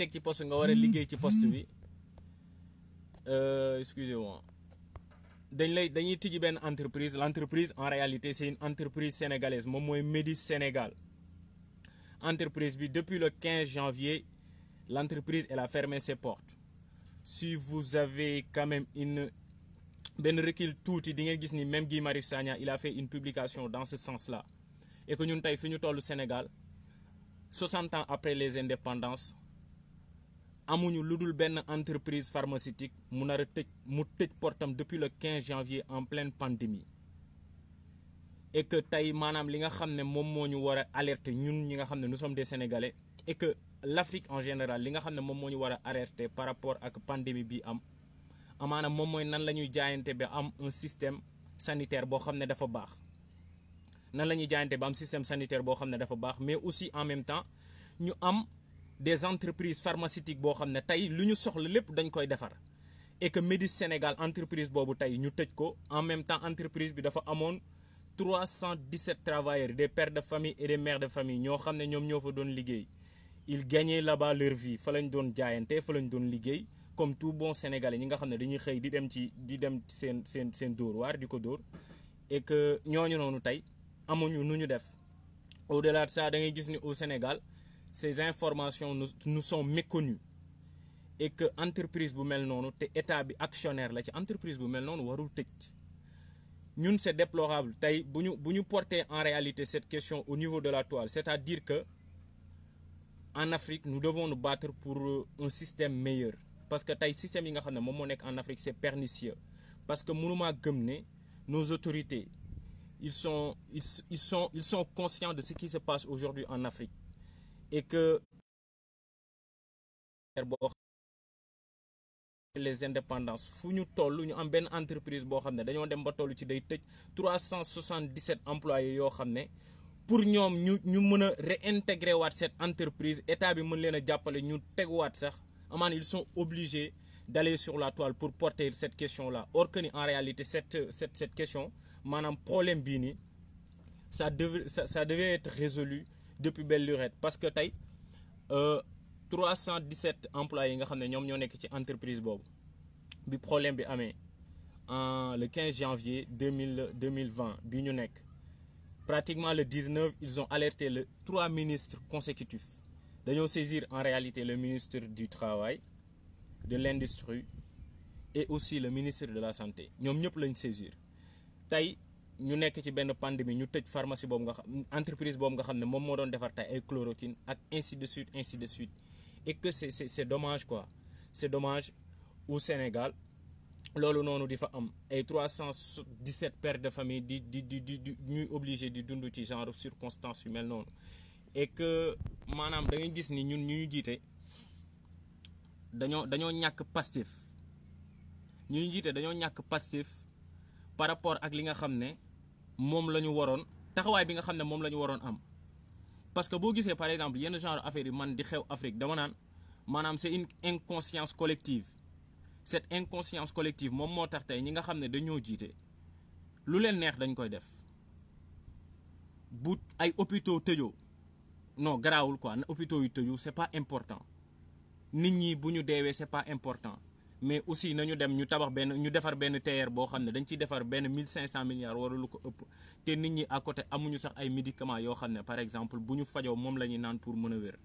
teg ci poste nga war a liggéey ci poste bi euh, excusez-moi dañ lay dañuy tijji benn entreprise l'entreprise en réalité c'est une entreprise sénégalaise moom mooy Medis Sénégal entreprise bi depuis le 15 janvier l'entreprise elle a fermé ses portes si vous avez quand même une benn recul tuuti di ngeen gis ni même Guy Marius Sagna il a fait une publication dans ce sens-là et que ñun tey fi ñu tollu Sénégal 60 ans après les indépendances amuñu lu dul benn entreprise pharmaceutique mu nar a tëj mu tëj portam depuis le 15 janvier en pleine pandémie et que tey maanaam li nga xam ne moom moo ñu war a alerter ñun ñi nga xam ne nous sommes des sénégalais et que l' Afrique en général li nga xam ne moom moo ñu war a alerter par rapport ak pandémie bi am amaana moom mooy nan la ñuy jaayante ba am un système sanitaire boo xam ne dafa baax nan la ñuy jaayante ba am système sanitaire boo xam ne dafa baax mais aussi en même temps ñu am. des entreprises pharmaceutiques boo xam ne tey lu ñu soxla lépp dañ koy defar et que Médis Sénégal entreprise boobu tey ñu tëj ko en même temps entreprise bi dafa amoon trois cent 317 travailleurs des pères de famille et des mères de famille ñoo xam ne ñoom ñoo fa doon liggéey il gagnaient là-bas leur vie fa lañ doon jaayante fa lañ doon liggéey comme tout bon sénégalais ñi nga xam ne dañuy xëy di dem ci di dem seen seen seen dóor waar di ko dóor et que ñooñu noonu tey amuñu nu ñu def au delà de ça da ngay gis ni au Sénégal ces informations nous nous sont méconnues et que entreprise bu mel noonu te état bi actionnaire la ci entreprise bu mel noonu warul tëj ñun c'est déplorable tey bu ñu bu ñu porter en réalité cette question au niveau de la toile c'est-à-dire que en Afrique nous devons nous battre pour euh, un système meilleur parce que tey système yi nga xam ne moom moo nekk en Afrique c'est pernicieux parce que mënumaa gëm ne nos autorités ils sont ils, sont ils conscients de ce qui se passe en Afrique et boo les indépendances fu ñu toll ñu am benn entreprise boo xam ne dañoo dem ba toll ci day tëj 377 employés yoo xam ne pour ñoom ñu ñu mën a réintégrer waat cette entreprise état bi mën leen a jàppale ñu teguwaat sax amaan ils sont obligés d'aller sur la toile pour porter cette question là or que ni en réalité cette cette cette question maanaam problème bii nii ça devait ça, ça être résolu depuis belle lurette parce que tey euh, trois cent dix sept employés yi nga xam ne ñoom ñoo nekk ci entreprise boobu bi problème bi amee en le quinze janvier deux mille deux mille vingt bi ñu nekk pratiquement le dix neuf ils ont alerté le trois ministres consécutifs dañoo saisir en réalité le ministre du travail de l'industrie et aussi le ministre de la santé ñoom ñëpp lañ saisir tey ñu nekk ci benn pandémie ñu tëj pharmacie boobu nga xam entreprise boobu nga xam ne moom moo doon defar tey ay chloroquine ak ainsi de suite ainsi de suite et que c'est c'est c'est dommage c'est dommage au Sénégal loolu noonu di fa am ay trois cent dix-sept pères de famille di di di ñuy obligé di dund ci genre circonstances yu mel noonu et que maanaam da ngay gis ni ñun ñu ñu jiite dañoo dañoo ñàkk pastif ñu ñu jiite dañoo ñàkk Pastef par rapport ak li nga xam ne moom la ñu waroon taxawaay bi nga xam ne moom la ñu waroon am parce que boo gisee par exemple yenn genre affaire yi man di xew Afrique dama naan maanaam c'est une inconscience collective cette inconscience collective moom moo tax tey ñi nga xam ne dañoo jiite lu leen neex dañ koy def bu ay hôpitaux tëjoo non garaawul quoi na hôpitaux yu tëju c'est pas important nit ñi bu ñu deewee c'est pas important mais aussi nañu dem ñu tabax benn ñu defar benn TER boo xam ne dañ ciy defar benn mille cinq cent milliards wala lu ko ëpp te nit ñi à côté amuñu sax ay médicaments yoo xam ne par exemple bu ñu fajoo moom la ñuy naan pour mën a wér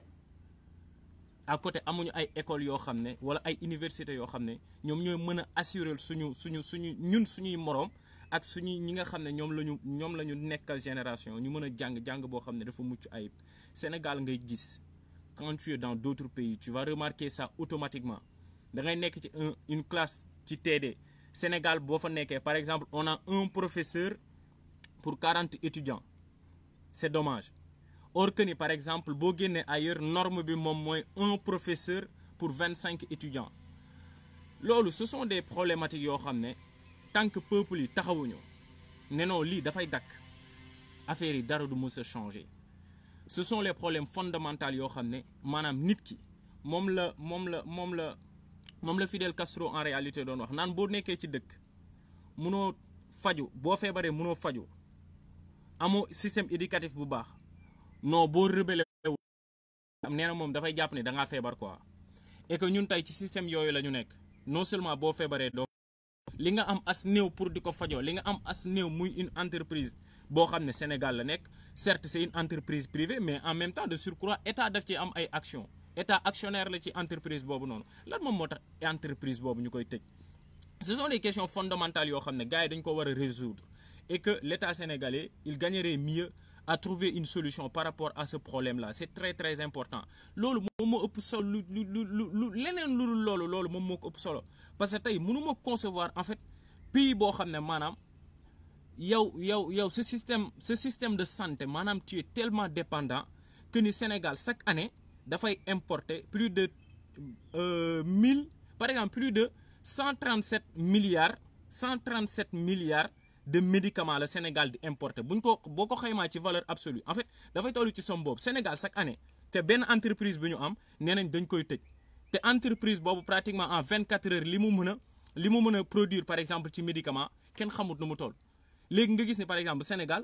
à côté amuñu ay écoles yoo xam ne wala ay universités yoo xam ne ñoom ñooy mën a assurer suñu suñu suñu ñun suñuy moroom ak suñuy ñi nga xam ne ñoom la ñu ñoom la ñu nekkal génération ñu mën a jàng jàng boo xam ne dafa mucc ayib Sénégal ngay gis quand tu es dans d'autres pays tu vas automatiquement. da ngay nekk ci un une classe ci TD Sénégal boo fa nekkee par exemple on a un professeur pour quarante étudiants c'est dommage or que ni par exemple boo génnee ailleurs norme bi moom mooy un professeur pour vingt cinq étudiants loolu ce sont des problématiques yoo xam ne tant que peuple yi taxawuñu ne lii dafay dakk affaire yi dara du mës a changer ce sont les problèmes fondamentaux yoo xam ne maanaam nit ki moom la moom la moom la moom la Fidel Castro en réalité doon wax naan boo nekkee ci dëkk munoo faju boo feebaree munoo faju amu système éducatif bu baax non boo rebelle am nee na moom dafay jàpp ne danga feebar quoi et que ñun tey ci système yooyu la ñu nekk non seulement boo feebaree doo li nga am as néew pour di ko fajoo li nga am as néew muy une entreprise boo xam ne Sénégal la nekk certes c'est une entreprise privée mais en même temps de surcroît état daf ci am ay actions état actionnaire la ci entreprise boobu noonu lan moom moo tax entreprise boobu ñu koy tëj ce sont des questions fondamentales yoo xam ne gars yi dañ ko war a résoudre et que l' état sénégalais il gagnerait mieux à trouver une solution par rapport à ce problème là c' est très très important loolu moom moo ëpp solo lu lu lu lu leneen lu loolu loolu moom moo ko ëpp solo parce que tey mënu ma concevoir en fait pays boo xam ne maanaam yow yow yow ce système ce système de santé maanaam tu tellement dépendant que ni Sénégal chaque année. dafay importer plus de euh, mille par exemple plus de cent trente sept milliards cent trente sept milliards de médicaments la Sénégal di importer buñ ñu ko boo ko xaymaa ci valeur absolue en fait dafay tollu ci somme boobu Sénégal chaque année te benn entreprise bi ñu am nee nañ dañ koy tëj te entreprise boobu pratiquement en vingt quatre heures li mu mën a li mu mën a produire par exemple ci médicament kenn xamut nu mu toll léegi nga gis ni par exemple Sénégal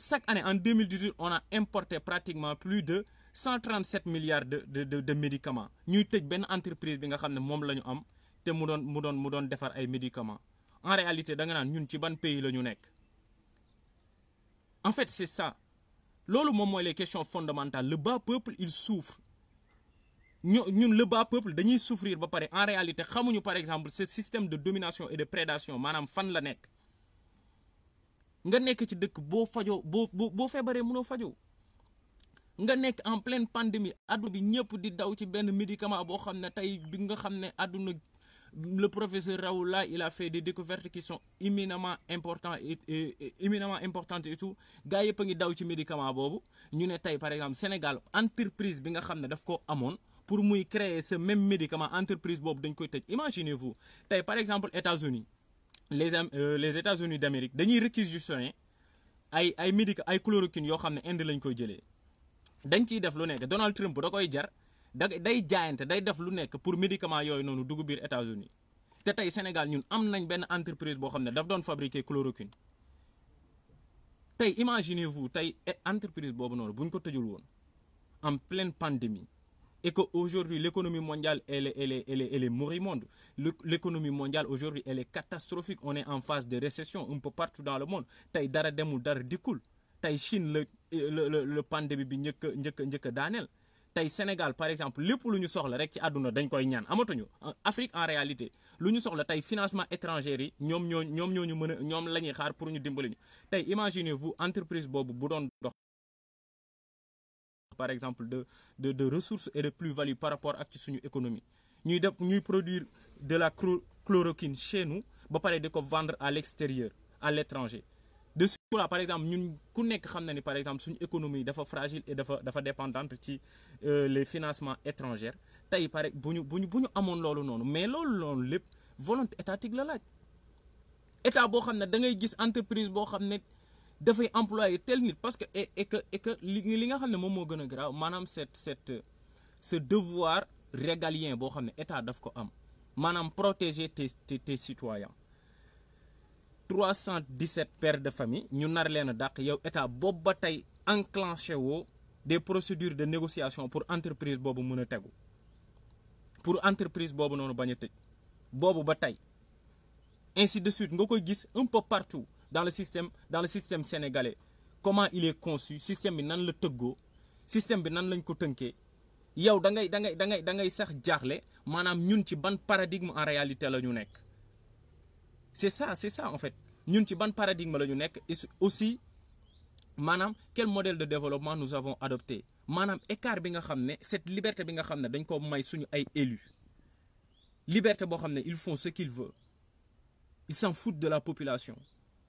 chaque année en deux mille dix huit on a importé pratiquement plus de. cent 137 milliards de de de, de médicaments ñuy tëj benn entreprise bi nga xam ne moom la ñu am te mu doon mu doon mu doon defar ay médicament en réalité da nga naan ñun ci ban pays la ñu nekk en fait c'est ça loolu moom mooy la question fondamentales le bas peuple il souffre ñu ñun le bas peuple dañuy souffrir ba pare en réalité xamuñu par exemple ce système de domination et de prédation maanaam fan la nekk nga nekk ci dëkk boo fajoo boo boo boo feebaree mënoo fajoo nga nekk en pleine pandémie adduna bi ñëpp di daw ci benn médicament boo xam ne tey bi nga xam ne àdduna le professeur Raoult là il a fait des découvertes qui sont éminemment importantes et, et, et éminemment importantes yëpp a ngi daw ci médicament boobu ñu ne tey par exemple Sénégal entreprise bi nga xam ne daf ko amoon pour muy créer ce même médicament entreprise boobu dañ koy tëj imaginez-vous tey par exemple États-Unis les euh, les États-Unis d'Amérique dañuy réquisitionner ay ay médica ay chloroquine yoo xam ne Inde lañ koy jëlee. dañ ciy def lu nekk Donald Trump da koy jar da day jaayante day def lu nekk pour médicament yooyu noonu dugg biir États-Unis te tey Sénégal ñun am nañ benn entreprise boo xam ne daf doon fabriquer chloroquine tey imaginez vous tey eh, entreprise boobu noonu bu ñu ko tëjul woon en pleine pandémie et que aujourd'hui l'économie mondiale elle est elle est elle est elle est moribonde l'économie mondiale aujourd'hui elle catastrophique on est en phase de récession un peu partout dans le monde tey dara demul dara dikkul tey Chine la la euh, la pandémie bi njëkk a njëkk njëkk daaneel tey Sénégal par exemple lépp lu ñu soxla rek ci àdduna dañ koy ñaan amatuñu Afrique en réalité lu ñu soxla tey financement étranger yi ñoom ñoo ñoom ñoo ñu mën a ñoom la ñuy xaar pour ñu dimbali ñu tey imaginez-vous entreprise boobu bu doon dox. par exemple de de de ressources et de plus-value par rapport ak ci suñu économie ñuy def ñuy produire de la chloroquine chez nous ba pare di ko vendre à l'extérieur à l'étranger de ce coup par exemple ñun ku nekk xam na ni par exemple suñu économie dafa fragile et dafa dafa dépendante ci euh, les financements étrangers tey pare bu ñu bu ñu bu ñu amoon loolu noonu mais loolu noonu lépp volonté étatique la laaj état boo xam ne da ngay gis entreprise boo xam ne dafay employé tel nit parce que et que et que li nga xam ne moom moo gën a grave maanaam cette cette ce devoir régalien boo xam ne état daf ko am maanaam protéger tes tes tes citoyens trois cent 317 pères de famille ñu nar leen a dàq yow état boobu ba tey enclenché woo des procédure de négociation pour entreprise boobu mën a tegu pour entreprise boobu noonu bañ a tëj boobu ba tey ainsi de suite nga koy gis un peu partout dans le système dans le système sénégalais comment il est conçu système bi nan la tëggoo système bi nan lañ ko tënkee yow da ngay da ngay da ngay da ngay sax jaaxle maanaam ñun ci ban paradigme en réalité la ñu nekk. c'est ça c'est ça en fait ñun ci ban paradigme la ñu nekk aussi maanaam quel modèle de développement nous avons adopté maanaam écart bi nga xam ne cette liberté bi nga xam ne dañ ko may suñu ay élus liberté boo xam ne il font ce qu'ils veulent ils de la population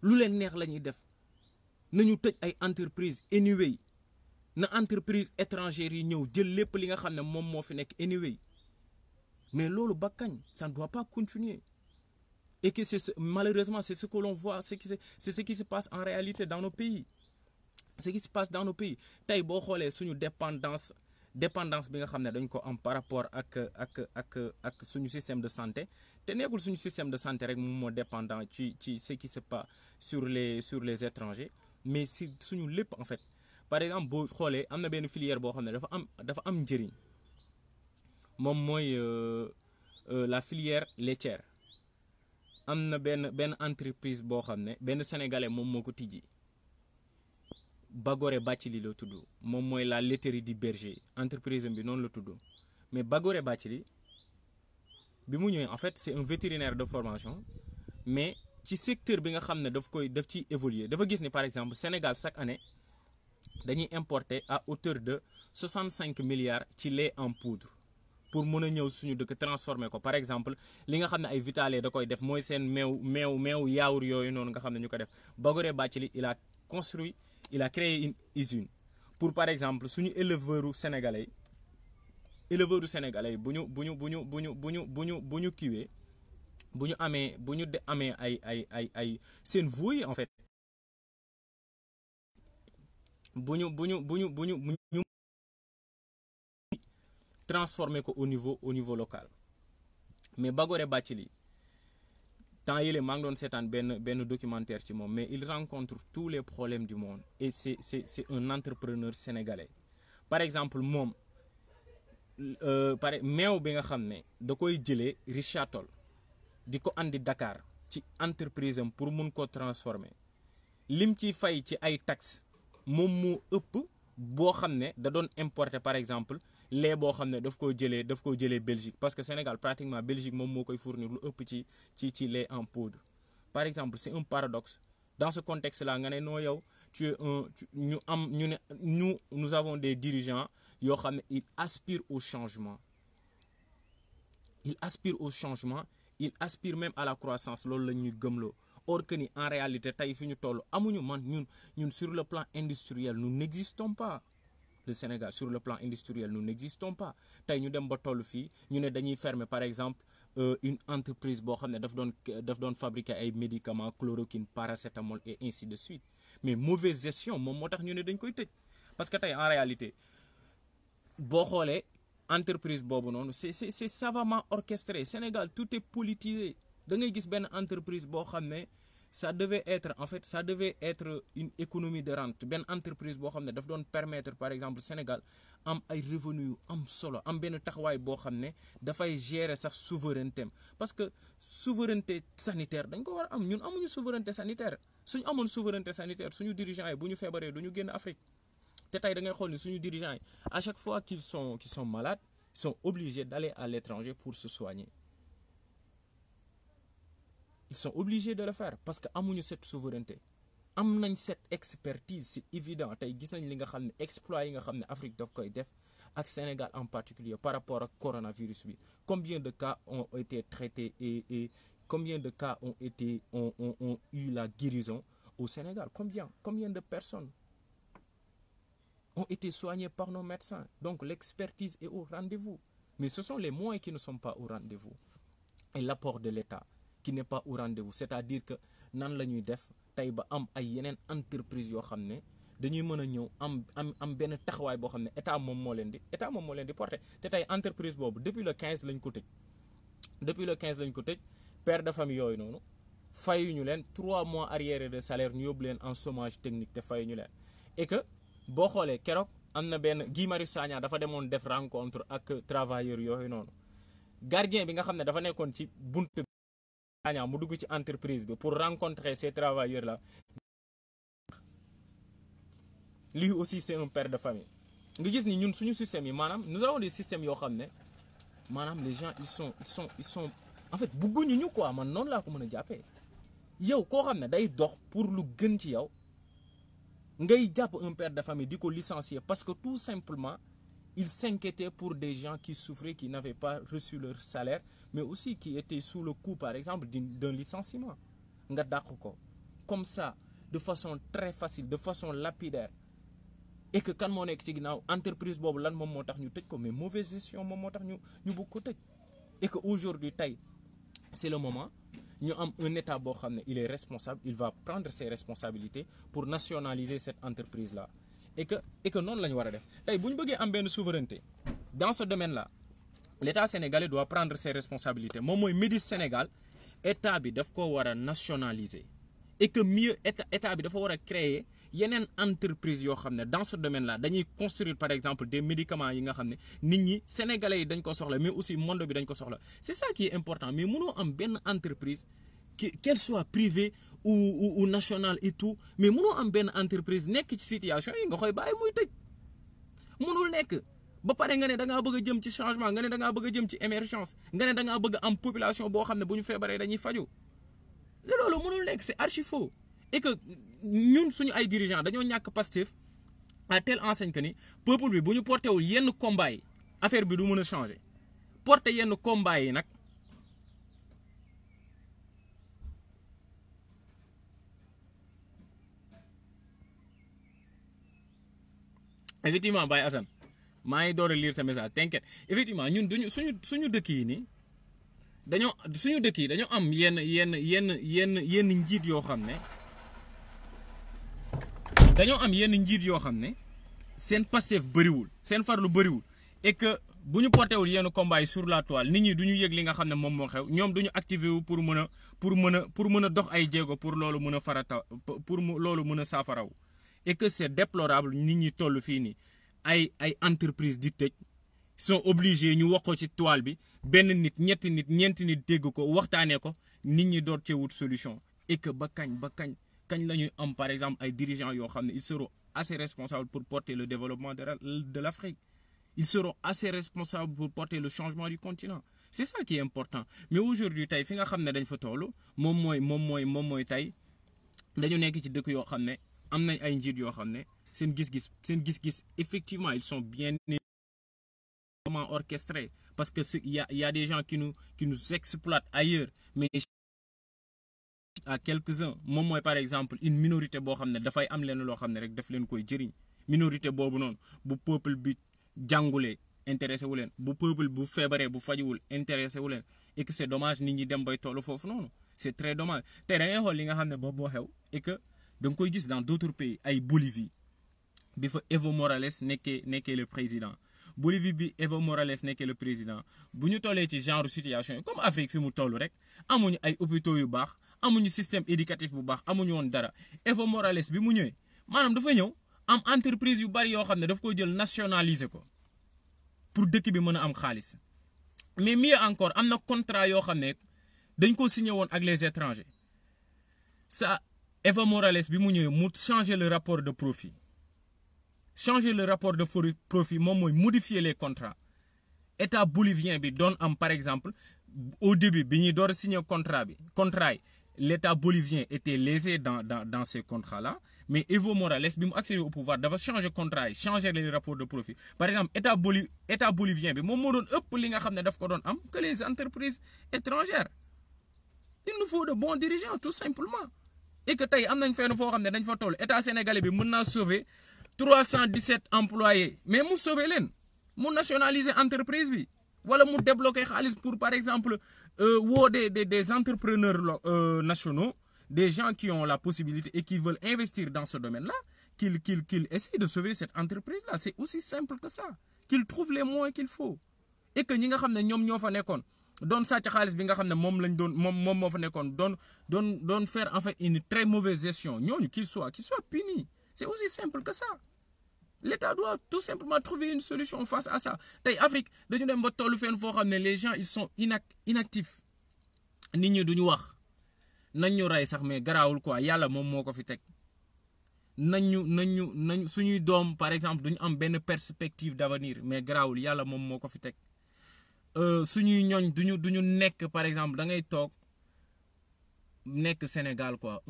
lu leen neex la ñuy def nañu tëj ay entreprise anyway na entreprise étrangère yi ñëw jël lépp li nga xam ne moom moo fi nekk anyway mais loolu ba kañ ça ne doit pas continuer Et que c'est malheureusement, c'est ce que l'on qui se passe en réalité dans nos pays. Ce qui se passe dans nos pays. tey boo xoolee suñu dépendance dépendance bi nga xam ne dañ ko am par rapport ak ak ak ak suñu système de santé te nekkul suñu système de santé rek moom moo dépendant ci ci ce qui se sur les sur les étrangers mais si suñu lépp en fait par exemple boo xoolee am na benn filière boo xam ne dafa am dafa am njëriñ moom mooy euh, euh, la filière laitière am na benn benn entreprise boo xam ne benn sénégalais moom moo ko tijji bàcc li la tudd moom mooy la laiterie du berger entreprise bi noonu la tudd mais Bagoré Bathily bi mu ñëwee en fait c'est un vétérinaire de formation mais ci secteur bi nga xam ne daf koy def ci évoluer dafa gis ni par exemple Sénégal chaque année dañuy importer à hauteur de soixante cinq milliards ci lait en poudre. pour mën a ñëw suñu dëkk transformer ko par exemple li nga xam ne ay vitale da koy def mooy seen meew meew meew yaawur yooyu noonu nga xam ne ñu ko def Bagoré Bathily il a construit il a créé une usine pour par exemple suñu éleveuru sénégalais éleveuru sénégalais yi bu ñu bu ñu bu ñu bu ñu bu ñu bu ñu bu ñu kiwee bu ñu amee bu ñu de amee ay ay ay ay seen voué en fait bu ñu bu ñu bu ñu bu ñu transformer ko au niveau au niveau local mais bàcc Bathily temps yële maa ngi doon seetaan benn benn documentaire ci moom mais il rencontre tous les problèmes du monde et c'est c'est c'est un entrepreneur sénégalais par exemple moom euh, pare meew bi nga xam ne da koy jëlee Richard Toll di ko andi Dakar ci entreprise am pour mun ko transformer lim ciy fay ci ay tax moom moo ëpp boo xam ne da doon importe par exemple lait boo xam ne daf koo jëlee daf koo jëlee Belgique parce que Sénégal pratiquement Belgique moom moo koy fournir lu ëpp ci ci ci lait en poudre par exemple c'est un paradox dans ce contexte là nga ne noo yow tu es un ñu am ñu ne ñu nous avons des dirigeants yoo xam ne ils aspirent au changement ils aspirent au changement ils aspirent même à la croissance loolu la ñuy loo or que ni en réalité tey fi ñu toll amuñu man ñun ñun sur le plan industriel nous n'existons pas de Sénégal sur le plan industriel nous n'existons pas tey ñu dem ba toll fii ñu ne dañuy ferme par exemple euh, une entreprise boo xam ne daf doon daf doon fabriquer ay médicaments chloroquine paracétamol et ainsi de suite mais mauvaise gestion moom moo tax ñu ne dañ koy tëj parce que tey en réalité boo xoolee entreprise boobu noonu c'est c'est c'est savamment orchestré Sénégal tout est politisé da ngay gis benn entreprise boo xam ne ça devait être en fait ça devait être une économie de rente benn entreprise boo xam ne daf doon permetre par exemple Sénégal am ay revenu yu am solo am benn taxawaay boo xam ne dafay gérer sax souveraineté parce que souveraineté sanitaire dañ ko war a am ñun amuñu souveraineté sanitaire suñu amoon souveraineté sanitaire suñu dirigeants yi bu ñu feebaree du ñu génn Afrique te tey da ngay xool ni suñu dirigeants yi à chaque fois qu'ils sont qu'ils sont malades à l'étranger pour se soigner ils sont obligés de le faire parce que amuñu cette souveraineté am nañ cette expertise c'est évident tey gis nañ li nga xam ne exploit yi nga xam ne Afrique daf koy def ak Sénégal en particulier par rapport ak coronavirus bi combien de cas ont été traités et et combien de cas ont été ont ont, ont eu la guérison au Sénégal combien combien de personnes ont été soignées par nos médecins donc l'expertise est au rendez-vous mais ce sont les moyens qui ne sont pas au rendez-vous et l'apport de l'État qui n'est pas au cest c'est-à-dire que nan la ñuy def tey ba am ay yeneen entreprise yoo xam ne dañuy mën a ñëw am am am benn taxawaay boo xam ne état moom moo leen di état moom moo leen di porter te tey entreprise boobu depuis le 15 lañ ko tëj depuis le quinze lañ ko tëj père de famille yooyu noonu ñu leen trois mois arriérés de salaire ñu yóbbu leen en chômage technique te ñu leen et que boo xoolee keroog am na benn Guy Marius dafa demoon def rencontre ak travailleurs yooyu noonu Agnam mu dugg ci entreprise bi pour rencontrer ces travailleurs là lui aussi c'est un père de famille nga gis ni ñun suñu système yi maanaam nous avons des systèmes yoo xam ne maanaam les gens ils son ils sont en fait bëgguñu ñu ko man noonu laa ko mën a jàppee yow koo xam ne day dox pour lu gën ci yow ngay jàpp un père de famille di ko licencier parce que tout simplement il s'inquiétait pour des gens qui souffraient qui n'avaient pas reçu leur salaire mais aussi qui était sous le coup par exemple d'un licenciement nga dàq ko comme ça de façon très facile de façon lapidaire et que kan moo nekk ci ginnaaw entreprise boobu lan moom moo tax ñu tëj ko mais mauvaise gestion moom moo tax ñu ñu bëgg ko tëj et que aujourd'hui tey c'est le moment ñu am un état boo xam ne il est responsable il va prendre ses responsabilités pour nationaliser cette entreprise la et que et que noonu lañu ñu war a def tey bu ñu bëggee am benn souveraineté dans ce domaine l'État sénégalais doit prendre ses responsabilités moom mooy Médis Sénégal état bi daf ko war a nationaliser et que mieux état état bi dafa war a créer yeneen entreprise yoo xam ne dans ce domaine là dañuy construire par exemple des médicament yi nga xam ne nit ñi sénégalais yi dañ ko soxla mais aussi monde bi dañ ko soxla c'est ça qui est important mais mënoo am benn entreprise qu'elle soit privée ou ou, ou nationale et tout mais mënoo am benn entreprise nekk ci situation yi nga koy bàyyi muy tëj ba pare nga ne da ngaa bëgg a jëm ci changement nga ne da ngaa bëgg ci émergence nga ne da bëgg am population boo xam ne bu ñu feebaree dañuy faju loolu mënul nekk c'est archi foo et que ñun suñu ay dirigeants dañoo ñàkk Pastef à telle enseigne que ni peuple bi bu ñu porté wul yenn combat yi affaire bi du mën a changer porté yenn combat yi nag effectivement Baye Assane maa ngi door a lire sa message t'inquiète effectivement ñun duñu suñu suñu dëkk yi nii dañoo suñu dëkk yi dañoo am yenn yenn yenn yenn yenn njiit yoo xam ne dañoo am yenn njiit yoo xam ne seen Pastef bëriwul seen farlu bëriwul et que bu ñu portéwul yenn combat yi sur la toile nit ñi du ñu yëg li nga xam ne moom moo xew ñoom du ñu activé wu pour mën pour mën pour mën a dox ay jéego pour loolu mën a farata pour loolu mën a saafaraw et que c'est déplorable nit ñi toll fii nii ay ay entreprise di tëj sont obligés ñu wax ko ci toile bi benn nit ñetti nit ñeenti nit dégg ko waxtaanee ko nit ñi door cee wut solution et ba kañ ba kañ kañ la ñuy am par exemple ay dirigeants yoo xam ne ils seront assez responsables pour porter le développement de de l'Afrique ils seront assez responsables pour porter le changement du continent c'est ça qui est important mais aujourd'hui tey fi nga xam ne dañ fa toll moom mooy moom mooy moom mooy tey dañu nekk ci dëkk yoo xam ne am nañ ay njiit yoo xam ne seen gis-gis seen gis-gis effectivement ils sont bien comment orchestrés parce que il ya a il y a des gens qui nous qui nous ailleurs mais à quelques-uns moom mooy par exemple une minorité boo xam ne dafay am leen loo xam ne rek daf leen koy jëriñ minorité boobu noonu bu peuple bi jàngulee intéressé wu leen bu peuple bu feebaree bu fajuwul intéressé wu leen et que c'est dommage nit ñi dem bay tollu foofu noonu c'est très dommage te da ngay xool nga xam ne boobu moo xew et que da nga koy gis dans d'autres pays ay Bolivie bi fa Evo Morales nekkee nekkee le président Bolivie bi Evo Morales nekkee le président bu ñu tollee ci genre situation yi comme Afrique fi mu tollu rek amuñu ay hôpitaux yu baax amuñu système éducatif bu baax amuñu woon dara Evo Morales bi mu ñëwee maanaam dafa ñëw am entreprise yu bari yoo xam ne dafa ko jël nationaliser ko pour dëkk bi mën a am xaalis mais mi encore am na contrat yoo xam ne dañ ko signe woon ak les étrangers ça Evo Morales bi mu ñëwee mu changer le rapport de profit. changer le rapport de profit moom mooy modifier les contrats état bolivien bi doon am par exemple au début bi ñuy door a signer contrat bi contrat yi l' état bolivien était lésé dans dans dans ces contrats là mais Evo Morales bi mu accédé au pouvoir dafa changer contrat yi changer les rapports de profit par exemple état bolivien bi moom moo doon ëpp li nga xam ne daf ko doon am que les entreprises étrangères il nous faut de bons dirigeants tout simplement et am nañ fenn foo xam ne dañ fa toll état sénégalais bi mën naa sauver. trois dix 317 employés mais mu sauver leen mu nationaliser entreprise bi wala mu débloquer xaalis pour par exemple euh, woo des des des entrepreneurs euh, nationaux des gens qui ont la possibilité et qui veulent investir dans ce domaine-là qu'ils qu'ils qu'ils essaient de sauver cette entreprise-là c'est aussi simple que ça qu'ils trouvent les moyens qu'il faut et que ñi nga xam ne ñoom ñoo fa nekkoon doon sàcc xaalis bi nga xam ne moom lañ doon moom moom moo fa nekkoon doon doon doon faire en fait une très mauvaise gestion ñooñu qu'ils soient qu'ils C'est aussi simple que ça. L'État doit tout simplement trouver une solution face à ça. tey Afrique dañu dem ba tollu feen foo xam ne les gens ils sont inac inactifs nit ñi ñu wax nañ ñu rey sax mais garaawul quoi yàlla moom moo ko fi teg nañ ñu nañ ñu nañ suñuy doom par exemple duñu am benn perspective d'avenir mais garaawul yàlla moom moo ko fi teg euh, suñuy ñooñ duñu duñu nekk par exemple da ngay toog nekk Sénégal quoi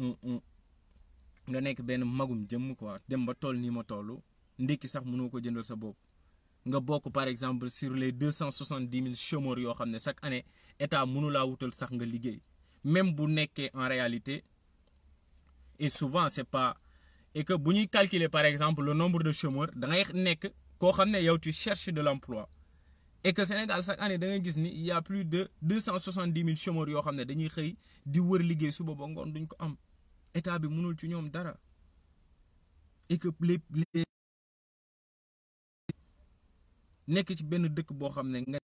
nga nekk benn magum jëmm ko quoi dem ba toll nii ma toll ndekki sax mënoo ko jëndal sa bopp nga bokk par exemple sur les deux cent soixante dix mille chômeurs yoo xam ne chaque année état mënu laa wutal sax nga liggéey même bu nekkee en réalité et souvent c'est pas et que bu ñuy calculer par exemple le nombre de chômeurs da ngay nekk koo xam ne yow tu cherches de l'emploi et que Sénégal chaque année da gis ni il a plus de deux cent soixante dix mille chômeurs yoo xam ne dañuy xëy di wër liggéey suba ba ngoon duñ ko am. état bi mënul ci ñoom dara et que nekk ci benn dëkk boo xam ne nga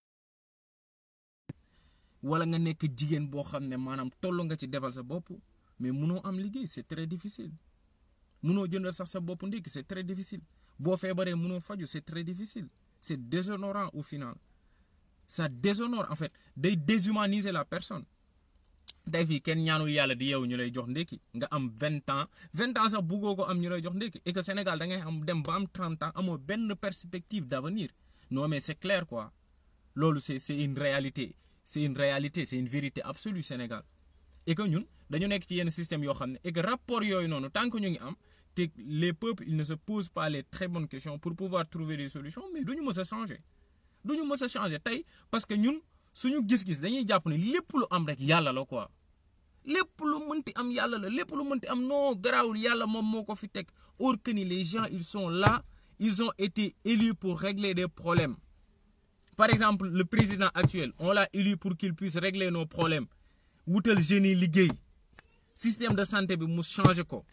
wala nga nekk jigéen boo xam ne maanaam toll nga ci defal sa bopp mais munoo am liggéey c'est très difficile munoo jëndal sax sa bopp ndékki c'est très difficile boo feebaree munoo faju c'est très difficile c'est déshonorant au final ça déshonore en fait day déshumaniser la personne tey fii kenn ñaanul yàlla di yeewu ñu lay jox ndékki nga am vingt ans vingt ans sax buggoo ko am ñu lay jox ndékki et que Sénégal da ngay am dem ba am trente ans amoo benn perspective d' avenir non mais c' est clair quoi loolu c' est une réalité c' une réalité c' est une vérité absolue Sénégal et que ñun dañu nekk ci yenn système yoo xam ne et que rapport yooyu noonu tant que ñu ngi am te les peuples ils ne se posent pas les très bonnes questions pour pouvoir trouver des solutions mais duñu mës a changer duñu mës a changer tey suñu gis-gis dañuy jàpp ne lépp lu am rek yàlla la quoi lépp lu mënti am yàlla la lépp lu mënti am non garawul yàlla moom moo ko fi teg or que ni les gens ils sont là ils ont été élus pour régler des problèmes par exemple le président actuel on l'a élu pour qu'il puisse régler nos problèmes wutal jeunes yi liggéey système de santé bi mu changé ko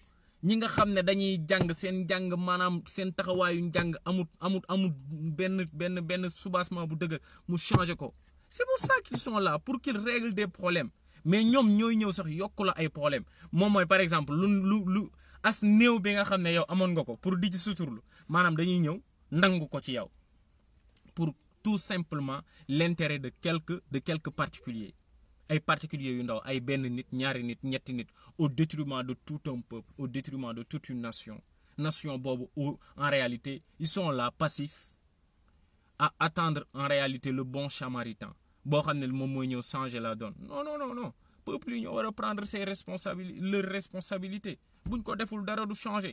ñi nga xam ne dañuy jàng seen jàng maanaam seen taxawaayu njàng amut amut amut benn benn benn soubassement bu dëgër mu changé ko c'est pour ça qu'ils sont là pour qu'ils règlent des problèmes mais ñoom ñooy ñëw sax yokk la ay problèmes moom mooy par exemple lu lu lu as néew bi nga xam ne yow amoon nga ko pour di ci suturlu maanaam dañuy ñëw nangu ko ci yow pour tout simplement l'intérêt de quelque de quelque particuliers ay particuliers yu ndaw ay benn nit ñaari nit ñetti nit au détriment de tout un peuple au détriment de toute une nation nation boobu en réalité ils sont là passifs à attendre en réalité le bon samaritain boo xam ne moom mooy ñëw changé la donne non non non non peuple yi ñoo war a prendre ses responsabilités responsabilité buñ ko deful dara du changé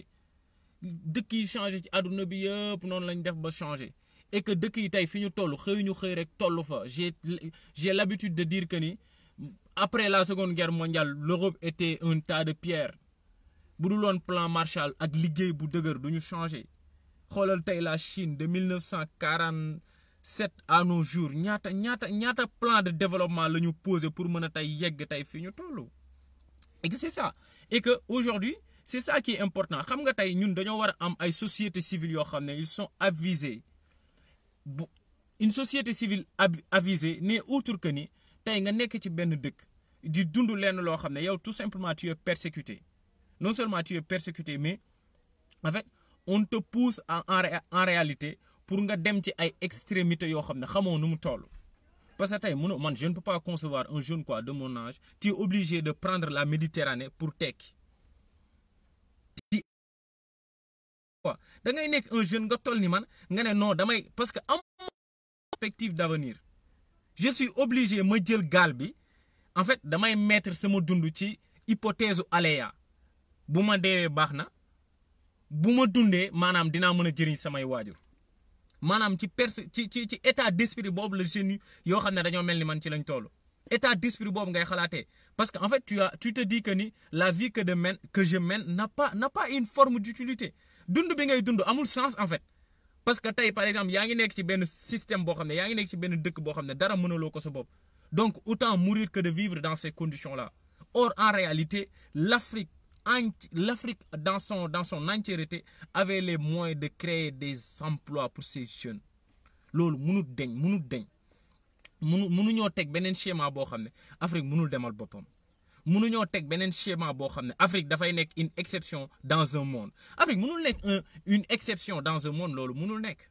dëkk yi changé ci àdduna bi yëpp noonu lañ def ba changé et que dëkk yi tey fi ñu toll xëy ñu xëy rek toll fa j'ai j'ai l'habitude de dire que ni après la seconde guerre mondiale l'Europe était un tas de pierres bu du loon plan Marshall ak liggéey bu dëgër du ñu changer xoolal tey la Chine de 1947 à nos jours ñaata ñaata ñaata plan de développement la ñu posé pour mën a tey yegg tey fii ñu toll. et que c'est ça et que aujourd'hui c'est ça qui est important xam nga tey ñun dañoo war a am ay société civiles yoo xam ne ils sont avisés bu une société civile avisée ni autre que ni tey nga nekk ci benn dëkk di dund lenn loo xam ne yow tout simplement tu es persécuté non seulement tu es persécuté mais on te pousse en en réalité pour nga dem ci ay extrémités yoo xam ne xamoo nu mu toll. parce que tey mënoo man jeune ne peux pas concevoir un jeune quoi de mon âge tu obligé de prendre la Méditerranée pour tekki. quoi da ngay nekk un jeune nga toll ni man nga ne non damay parce que am perspective d'avenir je suis obligé ma jël gaal bi en fait damay mettre sama dund ci hypothèse aléa bu ma deewee baax na. bu ma dundee maanaam dinaa mën a jëriñ samay waajur maanaam ci pers ci ci ci état d'esprit boobu la jeunes yoo xam ne dañoo mel ni man ci lañ toll état d'esprit boobu ngay xalaatee parce que en fait tu as te dis ni la vie que de mène que n'a pas n'a pas une forme d'utilité dund bi ngay dund amul sens en fait parce que tey par exemple yaa ngi nekk ci benn système boo xam ne yaa ngi nekk ci benn dëkk boo xam ne dara mënaloo ko sa bopp donc autant mourir que de vivre dans ces conditions là en réalité l'Afrique l'Afrique dans son, dans son entièreté avait les moyens de créer des emplois pour ces jeunes loolu mënut deñ mënut deñ mënu mënuñoo teg beneen schéma boo xam ne Afrique mënul demal boppam mënuñoo teg beneen schéma boo xam ne Afrique dafay nekk une exception dans un monde Afrique mënul nekk un une exception dans un monde loolu mënul nekk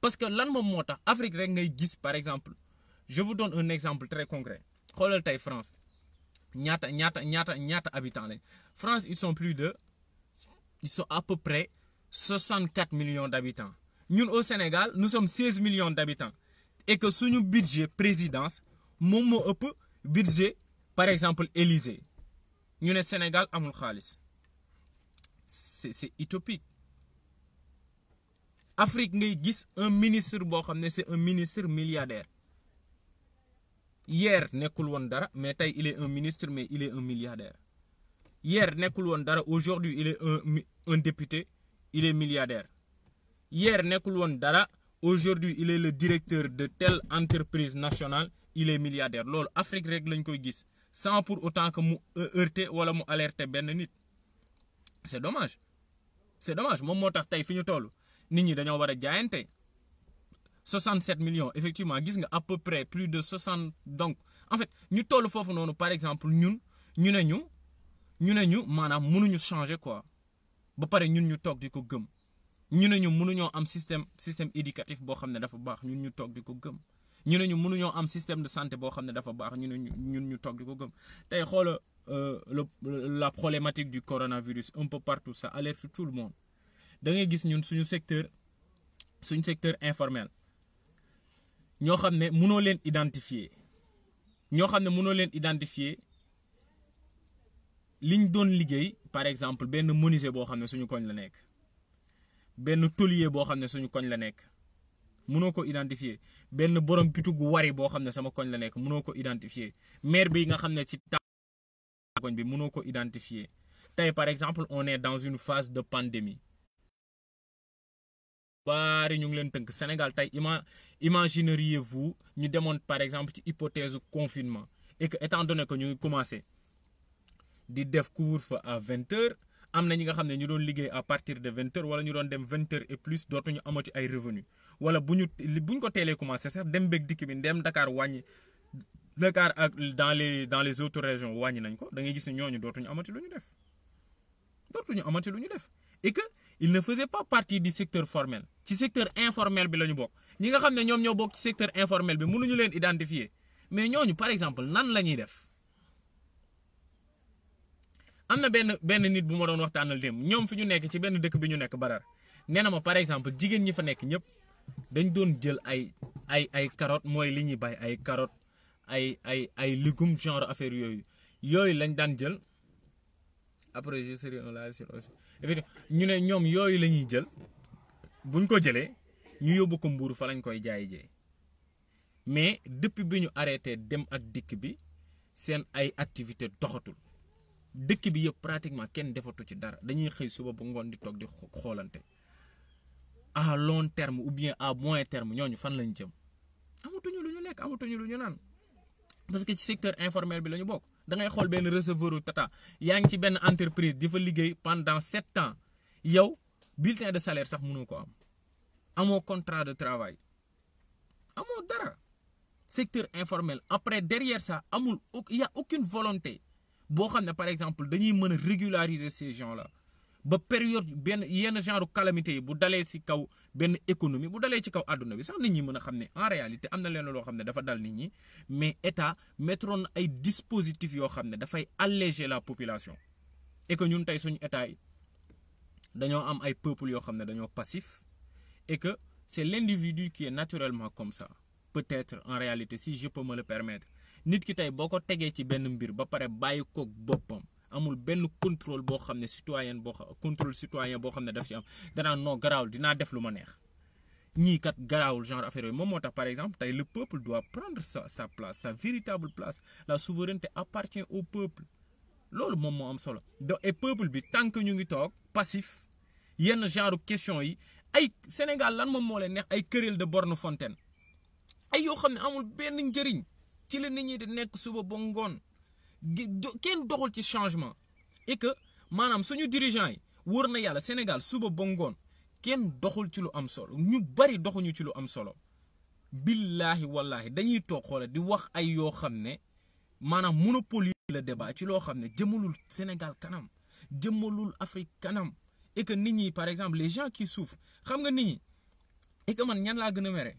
parce que lan moom moo tax Afrique rek ngay gis par exemple je vous donne un exemple très concret xoolal tey France ñaata ñaata ñaata ñaata habitants lañ France ils son plus de ils sont à peu près soixante quatre millions d' habitants ñun au Sénégal nu sommes seize millions d' habitants et que suñu budget présidence moom moo ëpp budget par exemple Élysée ñu ne Sénégal amul xaalis c'est c'est utopique Afrique ngay gis un ministre boo xam ne c' est un ministre milliardaire hier nekkul woon dara mais tey il est un ministre mais il est un milliardaire hier nekkul woon dara aujourd'hui il est un un député il est milliardaire hier nekkul woon dara aujourd'hui il est le directeur de telle entreprise nationale il est milliardaire loolu Afrique rek lañ koy gis sans pour autant que mu heurter wala mu alerter benn nit c'est dommage c'est dommage moom moo tax tey fi ñu toll nit ñi dañoo war a jaayante 67 millions effectivement gis nga à peu près plus de 60 donc en fait ñu toll foofu noonu par exemple ñun ñu ne ñu ñu ne ñu maanaam mënuñu changer quoi ba pare ñun ñu toog di ko gëm ñu ne ñu mënuñoo am système système éducatif boo xam ne dafa baax ñun ñu toog ko gëm ñu ne ñu mënuñoo am système de santé boo xam ne dafa baax ñu ne ñun ñu toog di ko gëm tey xoola euh, le la problématique du coronavirus un peu partout ça alerte tout le monde dangay gis ñun suñu secteur suñu secteur informel. ñoo xam ne munoo leen identifier ñoo xam ne munoo leen identifier liñ doon liggéey par exemple benn menuisier boo xam ne suñu koñ la nekk benn tôlier boo xam ne suñu koñ la nekk munoo ko identifier benn borom pitu gu wari boo xam ne sama koñ la nekk mënoo ko identifier maire bi nga xam ne ci koñ bi munoo ko identifier tey par exemple on est dans une phase de pandémie bari ñu ngi leen tënk Sénégal tey ima imagineriez-vous ñu demoon par exemple ci hypothèse confinement et que étant donné ñu ngi commencé di def ku wur fa vingt heures am na ñi nga xam ne ñu doon liggéey à partir de vingt heures wala ñu doon dem vingt et plus dootuñu amati ay revenu wala bu ñu bu ñu ko teelee commencé sax dem beeg dikk bi dem Dakar wàññi Dakar ak dans les dans les auto régions wàññi nañ ko da ngay gis ne ñooñu dootuñu amati lu ñu def dootuñu lu ñu def il ne faisait pas partie du secteur formel ci secteur informel bi la ñu bokk ñi nga xam ne ñoom ñoo bokk ci secteur informel bi mënuñu leen identifier mais ñooñu par exemple nan la ñuy def am na benn benn nit bu ma doon waxtaanal démb ñoom fu ñu nekk ci benn dëkk bi ñu nekk Badar nee na ma par exemple jigéen ñi fa nekk ñëpp dañ doon jël ay ay ay carottes mooy li ñuy bay ay carottes ay ay ay légumes genre affaire yooyu yooyu lañ daan jël après j'ai serré un live sur effectivement ñu ne ñoom yooyu la ñuy jël buñ ko jëlee ñu yóbbu ko mbuur fa lañ koy jaay jee mais depuis bi ñu arrêté dem ak dikk bi seen ay activité doxatul dëkk bi yëpp pratiquement kenn defatu ci dara dañuy xëy suba bu ngoon di toog di xoolante à long terme ou bien à moyen terme ñooñu fan lañ jëm amatuñu lu ñu lekk amatuñu lu ñu naan parce que ci secteur informel bi la ñu bokk. da ngay xool benn receveur tata yaa ngi ci benn entreprise di fa liggéey pendant sept ans yow bulletin de salaire sax mënoo ko am amoo contrat de travail amoo dara secteur informel après derrière ça amul y a aucune volonté boo xam ne par exemple dañuy mën a régulariser ces gens là ba période benn yenn genre calamité yi bu dalee si kaw benn économie bu dalee ci kaw àdduna bi sax nit ñi mën a xam ne en réalité am na leen loo xam ne dafa dal nit ñi mais état mettroon ay dispositifs yoo xam ne dafay alléger la population et que ñun tey suñu état yi dañoo am ay peuples yoo xam ne dañoo passif et que c'est l'individu qui est naturellement comme ça peut-être en réalité si je peux me le permettre nit ki tey boo ko tegee ci benn mbir ba pare bàyyi koog boppam amul benn contrôle boo xam ne citoyen boo xam contrôle citoyen boo xam ne daf ci am danaa noo garaawul dinaa def lu ma neex ñii kat garaawul genre affaire yooyu moom moo tax par exemple tey le peuple doit prendre sa sa place sa véritable place la souveraineté appartient au peuple loolu moom moo am solo donc et peuple bi tant que ñu ngi toog passif yenn genre question yi ay Sénégal lan moom moo leen neex ay querelle de borne fontaine ay yoo xam ne amul benn njëriñ ci la nit ñi di nekk suba ba ngoon. kenn doxul ci changement et que maanaam suñu dirigeant yi wër na yàlla Sénégal suba ba ngoon kenn doxul ci lu am solo ñu bari doxuñu ci lu am solo billaahi wallaahi dañuy toog xoola di wax ay yoo xam ne maanaam monopole la débat ci loo xam ne jëmalul Sénégal kanam jëmalul Afrique kanam et que nit ñi par exemple les gens qui suuf xam nga nit ñi et que man ñan laa gën a mere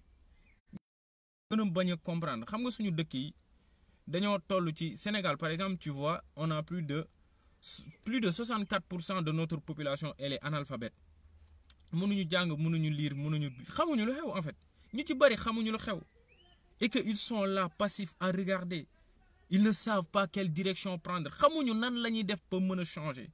gën a bañ a comprendre xam nga suñu dëkk yi dañoo toll ci Sénégal par exemple ci vois on a plus de plus de 64 pour cent de notre population elle est analphabète mënuñu jàng mënuñu lire mënuñu xamuñu lu xew en fait ñu ci bëri xamuñu lu xew et que ils sont là passifs à regarder ils ne savent pas quelle direction prendre xamuñu nan la ñuy def ba mën a changer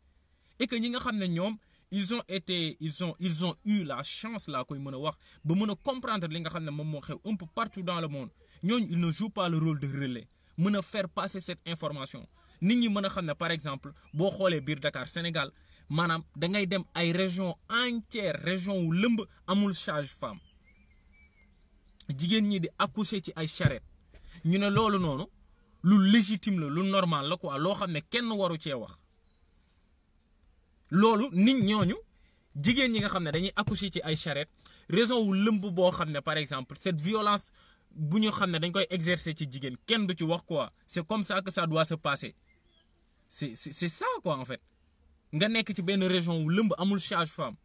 et que ñi nga xam ne ñoom ils ont été ils ont ils eu la chance laa koy mën a wax ba mën a comprendre li nga xam ne moom moo xew un peu dans le monde ñooñu ils ne jouent pas de relais mën a faire passer cette information nit ñi mën a xam ne par exemple boo xoolee biir Dakar Sénégal maanaam da ngay dem ay région entière région wu lëmb amul sage-femme jigéen ñi di accoucher ci ay charette ñu ne loolu noonu lu légitime la lu normal la quoi loo xam ne kenn waru cee wax loolu nit ñooñu jigéen ñi nga xam ne dañuy accoucher ci ay charrette raison wu lëmb boo xam ne par exemple cette violence bu ñu xam ne dañ koy exercer ci jigéen kenn du ci wax quoi c'est comme ça que ça doit se passer c'est c'est ça quoi en fait nga nekk ci benn région wu lëmb amul sage-femme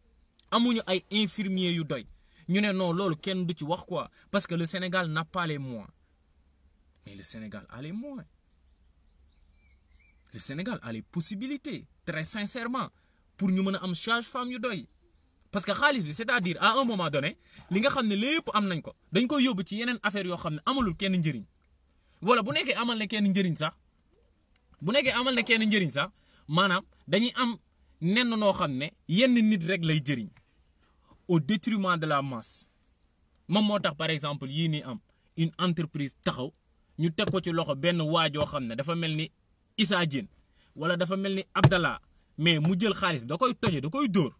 amuñu ay infirmiers yu doy ñu ne non loolu kenn du ci wax quoi parce que le Sénégal n'a pas les mais le Sénégal a les Sénégal a les possibilités très sincèrement pour ñu mën a am sage-femme yu doy. parce que xaalis bi c'est-à-dire a un moment donné li nga xam ne lépp am nañ ko dañ koy yóbbu ci yeneen affaire yoo xam ne amalul kenn njëriñ wala bu nekkee amal na kenn njëriñ sax bu nekkee amal na njëriñ sax maanaam dañuy am nenn noo xam ne yenn nit rek lay jëriñ au détriment de la masse moom moo tax par exemple yii nii am une entreprise taxaw ñu teg ko ci loxo benn waajoo xam ne dafa mel ni Issa Diène wala dafa mel ni Abdallah mais mu jël xaalis bi da koy toje da koy dóor.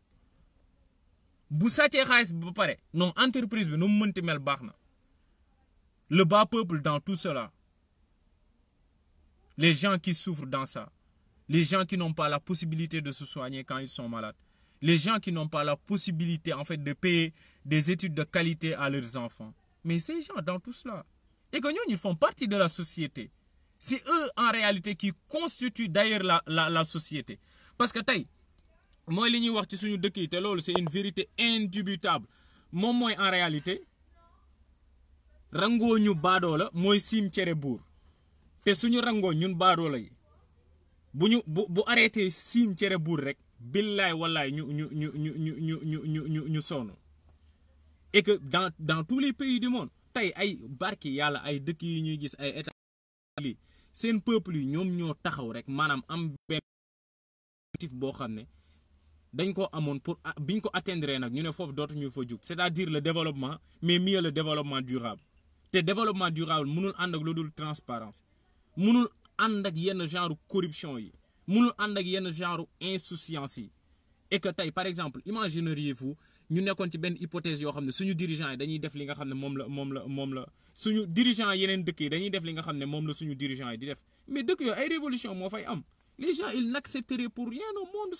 bu sàccee xaalis bi ba pare non entreprise bi nu mu mënti mel baax na le bas peuple dans tout cela les gens qui souffrent dans ça les gens qui n'ont pas la possibilité de se soigner quand ils sont malades les gens qui n'ont pas la possibilité en fait de payer des études de qualité à leurs enfants mais ces gens dans tout cela et que ñooñu ils font partie de la société c'est eux en réalité qui constituent d'ailleurs la la la société parce que tey mooy li ñuy wax ci suñu dëkk yi te loolu c'est une vérité indubitable moom mooy en réalité rangoo ñu baadoo la mooy siim cere buur te suñu rangoo ñun baadoo la yi bu ñu bu bu arrêté siim cere buur rek billaay wallaay ñu ñu ñu ñu ñu ñu ñu ñu ñu sonn et que dans dans tous les pays du monde tey ay barki yàlla ay dëkk yi ñuy gis ay état lii seen peuple yi ñoom ñoo taxaw rek maanaam am benn boo xam ne dañ ko amoon pour ah, biñ ko atteindre nag ñu ne foofu dootuñu ñu fa jug c'est-à-dire le développement mais mieux le développement durable te développement durable munul ànd ak lu dul transparence mënul ànd ak yenn genre corruption yi mënul ànd ak yenn genre insouciance yi et que tey par exemple imagineriez-vous ñu nekkoon ci benn hypothèse yoo xam ne suñu dirigeant yi dañuy def li nga xam ne moom la moom la moom la suñu dirigeant yeneen dëkk yi dañuy def li nga xam ne moom la suñu dirigeant yi di def mais dëkk yooyu ay révolution moo fay am les gens ils pour rien au monde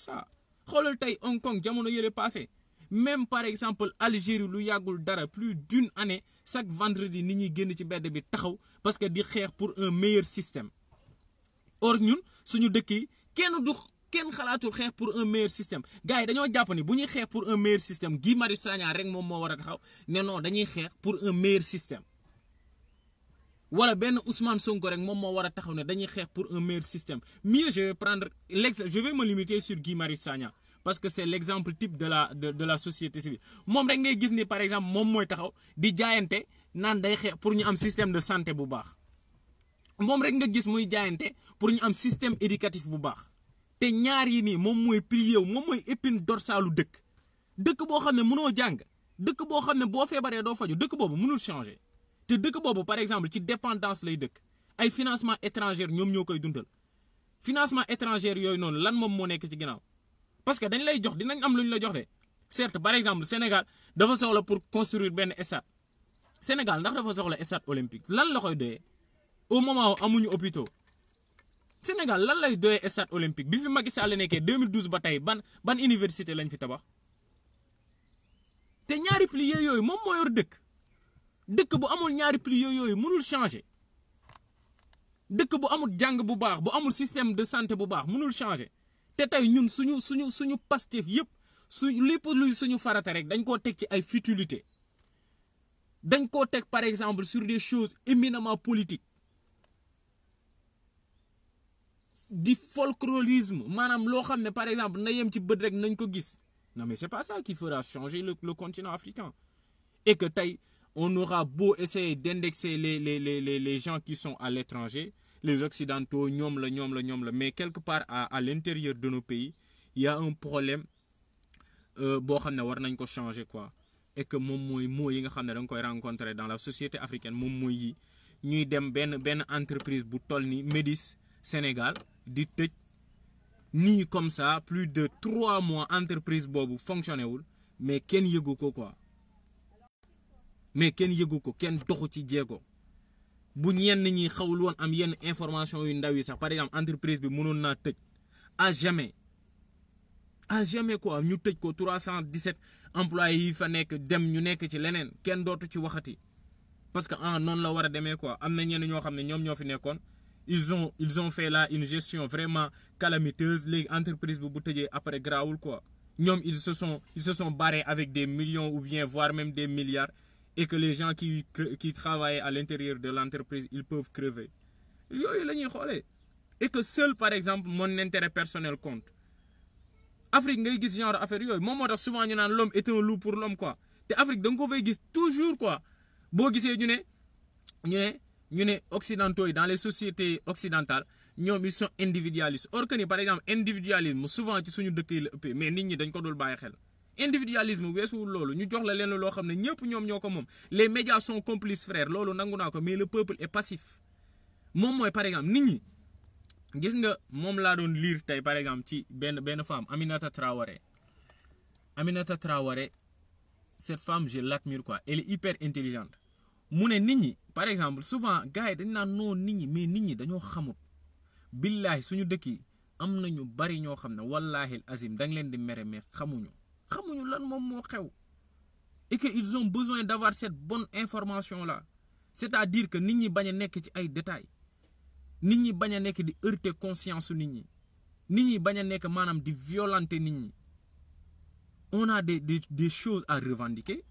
xoolal tey Hong Kong jamono yële passé même par exemple Algérie lu yàggul dara plus d'une année chaque vendredi ni ñuy génn ci mbedd bi taxaw parce que di xeex pour un meilleur système or ñun suñu dëkk yi kenn du kenn xalaatul xeex pour un meilleur système gars yi dañoo jàpp ni bu ñuy xeex pour un meilleur système Guy Marius Sagna rek moom moo war a taxaw ne non dañuy xeex pour un meilleur système wala benn Ousmane Sonko rek moom moo war a taxaw ne dañuy xeex pour un meilleur système mieux je prendre l'exemple je vais me limiter sur Guy Marius Sagna parce que c'est l'exemple type de la de de la société civile moom rek ngay gis ni par exemple moom mooy taxaw di jaayante naan day xeex pour ñu am système de santé bu baax moom rek nga gis muy jaayante pour ñu am système éducatif bu baax te ñaar yi nii moom mooy pilier wu moom mooy épine dorsale lu dëkk dëkk boo xam ne mënoo jàng dëkk boo xam ne boo feebaree doo faju dëkk boobu mënul changer. te dëkk boobu par exemple ci dépendance lay dëkk ay financement étranger ñoom ñoo koy dundal financement étranger yooyu noonu lan moom moo nekk ci ginnaaw parce que dañ lay jox dinañ am lu ñu la jox de certes par exemple Sénégal dafa soxla pour construire benn stade Sénégal ndax dafa soxla stade olympique lan la koy doyee au moment amuñu hôpitaux Sénégal lan lay doyee stade olympique bi fi Macky Sall nekkee 2012 ba tey ban ban université lañ fi tabax te ñaari piliers dëkk bu amul ñaari prix yooyu munul changer dëkk bu amul jàng bu baax bu amul système de santé bu baax mënul changer te tey ñun suñu suñu suñu Pastef yëpp suñ lépp luy suñu farata rek dañ koo teg ci ay futilité dañ koo teg par exemple sur des choses éminemment politique di folklorisme maanaam loo xam ne par exemple na yem ci bët rek nañ ko gis non mais c'est pas ça qui fera changer le le continent africain et que tey on aura beau essayer d'indexer les les les les gens qui son à l'étranger les occidentaux ñoom la ñoom la ñoom la mais quelque part à à l'intérieur de nos pays il y a problème euh, boo xam ne war nañ ko changer quoi est que moom mooy moo yi nga xam ne danga koy rencontrer dans la société africaine moom mooy yi ñuy dem benn benn entreprise bu toll ni Médis Sénégal di tëj nii comme ça plus de trois mois entreprise boobu fonctionné wul mais kenn yëgu ko quoi. mais kenn yëgu ko kenn doxu ci jéego bu ñenn ñi xawul woon am yenn information yu ndaw yi sax par exemple entreprise bi mënoon naa tëj à jamais à jamais quoi ñu tëj ko 317 employés yi fa nekk dem ñu nekk ci leneen kenn dootu ci waxati parce que ah noonu la war a demee quoi am na ñenn ñoo xam ne ñoom ñoo fi nekkoon ils ont ils la fait une gestion vraiment calamiteuse léegi entreprise bi bu tëjee après grawul quoi ñoom ils se sont ils se sont avec des millions ou bien même des milliards et que les gens qui qui à l'intérieur de l'entreprise ils peuvent crever yooyu la ñuy xoolee et que seul par exemple mon intérêt personnel compte Afrique ngay gis genre affaire yooyu moom moo tax souvent ñu naan l'homme est un loup pour l'homme quoi te Afrique da ko fay gis toujours quoi boo gisee ñu ne ñu ne ñu ne occidentaux yi dans les sociétés occidentales ñoom ils sont individualistes or que ni par exemple individualisme souvent ci suñu dëkk yi la ëppee mais nit ñi dañ ko dul bàyyi xel. individualisme weesu loolu ñu jox la leen loo xam ne ñëpp ñoom ñoo ko moom les médias sont complices frère loolu nangu naa ko mais le peuple est passif moom mooy par exemple ni ñi gis nga moom laa doon lire tey par exemple ci benn benn femme Aminata Traoré Aminata Traoré cette femme je l'admire quoi elle est mu ne nit ñi par exemple souvent gars yi dañ naan noon nit ñi mais nit ñi dañoo xamut billaahi suñu dëkk yi am na ñu bari ñoo xam ne wallaahi azim da nga leen di mere mais xamuñu. xamuñu lan moom moo xew et que ils ont besoin d'avoir cette bonne information la c'est-à-dire que nit ñi bañ a nekk ci ay détails nit ñi bañ a nekk di heurter conscience su nit ñi nit ñi bañ a nekk maanaam di violenter nit ñi on a des des des choses à revendiquer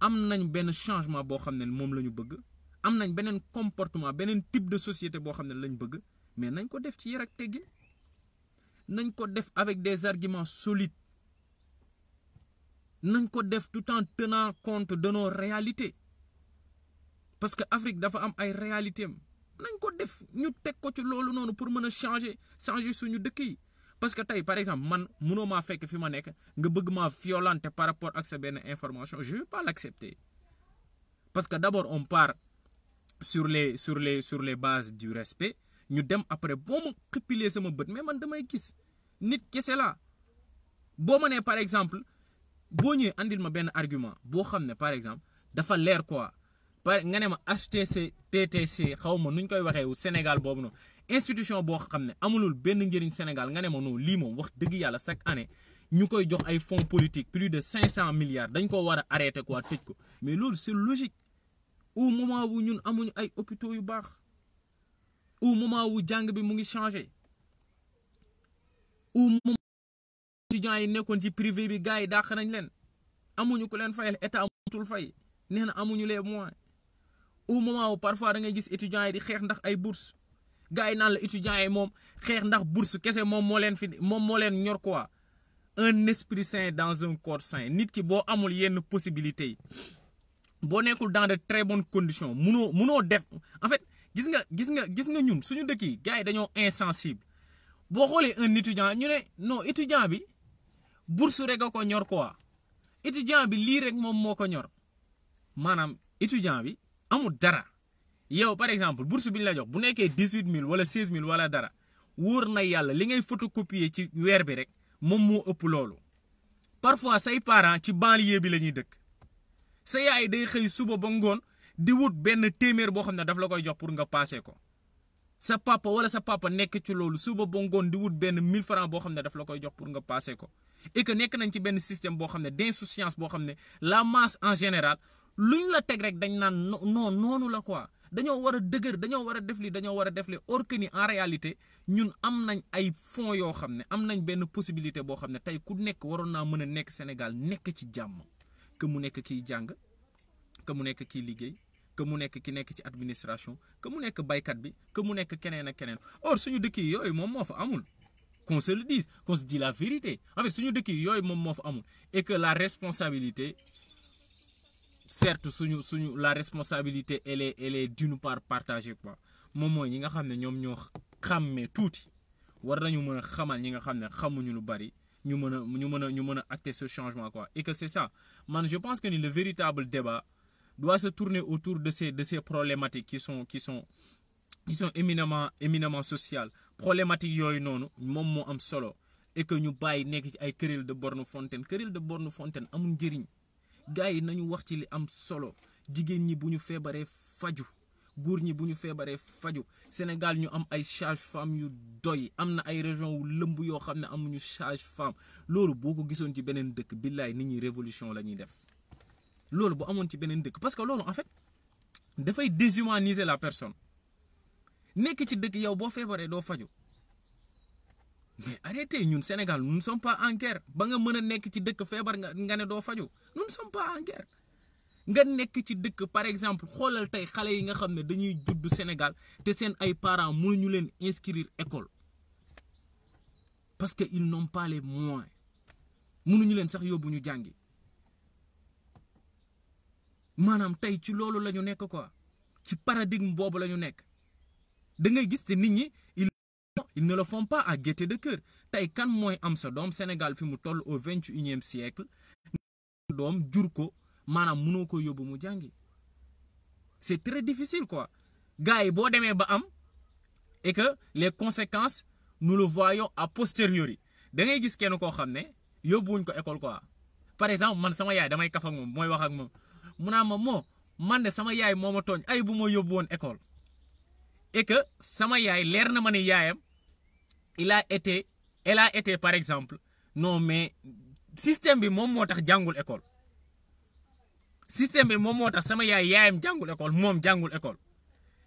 am nañ benn changement boo xam ne moom la ñu bëgg am nañ beneen comportement beneen type de société boo xam ne lañ bëgg mais nañ ko def ci yar ak nañ ko def avec des arguments solides nañ ko def tout en tenant compte de nos réalités parce que Afrique dafa am ay réalités am nañ ko def ñu teg ko ci loolu noonu pour mën a changer changer suñu dëkk yi parce que tey par exemple man mënoo maa fekk fi ma nekk nga bëgg maa violenter par rapport ak sa benn information je vais pas l'accepter parce que d'abord on part sur les sur les sur les bases du ñu dem après boo ma xippilee sama bët mais man damay gis nit kese la boo ma nee par exemple boo ñëwee andil ma benn argument boo xam ne par exemple dafa leer quoi par nga ne ma HTC TTC xaw ma nuñ koy waxee wu Sénégal boobu noonu institution boo xam ne amulul benn njëriñ Sénégal nga ne ma non lii moom wax dëgg yàlla chaque année ñu koy jox ay fonds politiques plus de cinq cent milliards dañ ko war a arrêté quoi tëj ko mais loolu c'est logique au moment wu ñun amuñu ay hôpitaux yu baax au moment wu jàng bi mu ngi changé étudiants yi nekkoon ci privé bi gars yi dàq leen amuñu ku leen fayal état amatul fay nee na amuñu les moyens au moment où parfois da ngay gis étudiants yi di xeex ndax ay bourse gars yi naan la étudiants yi moom xeex ndax bourse kese moom moo leen fi moom moo leen ñor quoi un esprit sain dans un corps sain nit ki boo amul yenn possibilités boo nekkul dans de très bonnes condition munoo munoo def en fait gis nga gis nga gis nga ñun suñu dëkk yi gars yi dañoo insensible boo xoolee un étudiant ñu ne non étudiant bi bourse rek a ko ñor quoi étudiant bi lii rek moom moo ko ñor maanaam étudiant bi amul dara yow par exemple bourse bi ñu la jox bu nekkee dix huit mille wala seize mille wala dara wóor na yàlla li ngay photocopier ci weer bi rek moom moo ëpp loolu. parfois say parents ci banlieue bi la ñuy dëkk sa yaay day xëy suba ba ngoon di wut benn téeméer boo xam ne daf la koy jox pour nga paase ko. sa papa wala sa papa nekk ci loolu suba ba ngoon di wut benn 1000 francs boo xam ne daf la koy jox pour nga ko et nekk nañ ci benn système boo xam ne d'insouciance boo xam ne la masse en général lu ñu la teg rek dañ naan non noonu la quoi dañoo war a dëgër dañoo war a def li dañoo war a def or que ni en réalité ñun am nañ ay fonds yoo xam ne am nañ benn possibilité boo xam ne tey ku nekk waroon naa mën a nekk Sénégal nekk ci jàmm que mu nekk kiy jàng que mu nekk kiy liggéey. que mu nekk ki nekk ci administration que mu nekk baykat bi que mu nekk keneen ak keneen or suñu dëkk yi yooyu moom moo fa amul qu'on se le dise qu'on se dit la vérité en fait suñu dëkk yooyu moom moo fa amul et que la responsabilité certes suñu suñu la responsabilité elle est elle est d'une part partagée quoi moom mooy ñi nga xam ne ñoom ñoo xàmmee tuuti war nañu mën a xamal ñi nga xam ne xamuñu lu bari ñu mën a ñu mën a ñu mën a acter changement quoi et que c'est ça man je pense que ni le véritable débat doit se tourner autour de ces de ces problématiques qui sont qui sont qui sont éminemment éminemment sociales problématique yooyu noonu moom moo am solo et que ñu bàyyi nekk ci ay querelle de borne fontaine querelle de borne fontaine amul njariñ gars yi nañu wax ci li am solo jigéen ñi bu ñu feebaree faju góor ñi bu ñu feebaree faju Sénégal ñu am ay sages-femmes yu doy am na ay région wu lëmb yoo xam ne amuñu sages-femmes loolu boo ko gisoon ci beneen dëkk billaay nit ñi révolution la ñuy def loolu bu amoon ci beneen dëkk parce que loolu en fait dafay déshumaniser la personne nekk ci dëkk yow boo feebaree doo faju mais arrêtez ñun Sénégal nous ne sommes ba nga mën a nekk ci dëkk feebar nga nga ne doo faju nous ne sommes nga nekk ci dëkk par exemple xoolal tey xale yi nga xam ne dañuy judd Sénégal te seen ay parents mënuñu leen inscrire école parce que ils n'ont pas les moyens mënuñu leen sax yóbbu ñu jàngi maanaam tey ci loolu lañu nekk quoi ci paradigme boobu la ñu nekk. da gis te nit ñi ils ils ne le font pas à gaieté tey kan mooy am sa doom Sénégal fi mu toll au vingt et unième doom jur ko maanaam munoo ko yóbbu mu jàngi c'est très difficile quoi gars yi boo demee ba am et que les conséquences nous le voyons a posteriori da ngay gis kenn koo xam ne yóbbuwuñ ko école quoi par exemple man sama yaay damay kaf moom mooy wax ak moom mu naa ma moo man de sama yaay moo ma tooñ ay bu ma yóbbu woon école et que sama yaay leer na ma ne yaayam il été elle a été par exemple non mais système bi moom moo tax jàngul école système bi moom moo tax sama yaay yaayam jàngul école moom jàngul école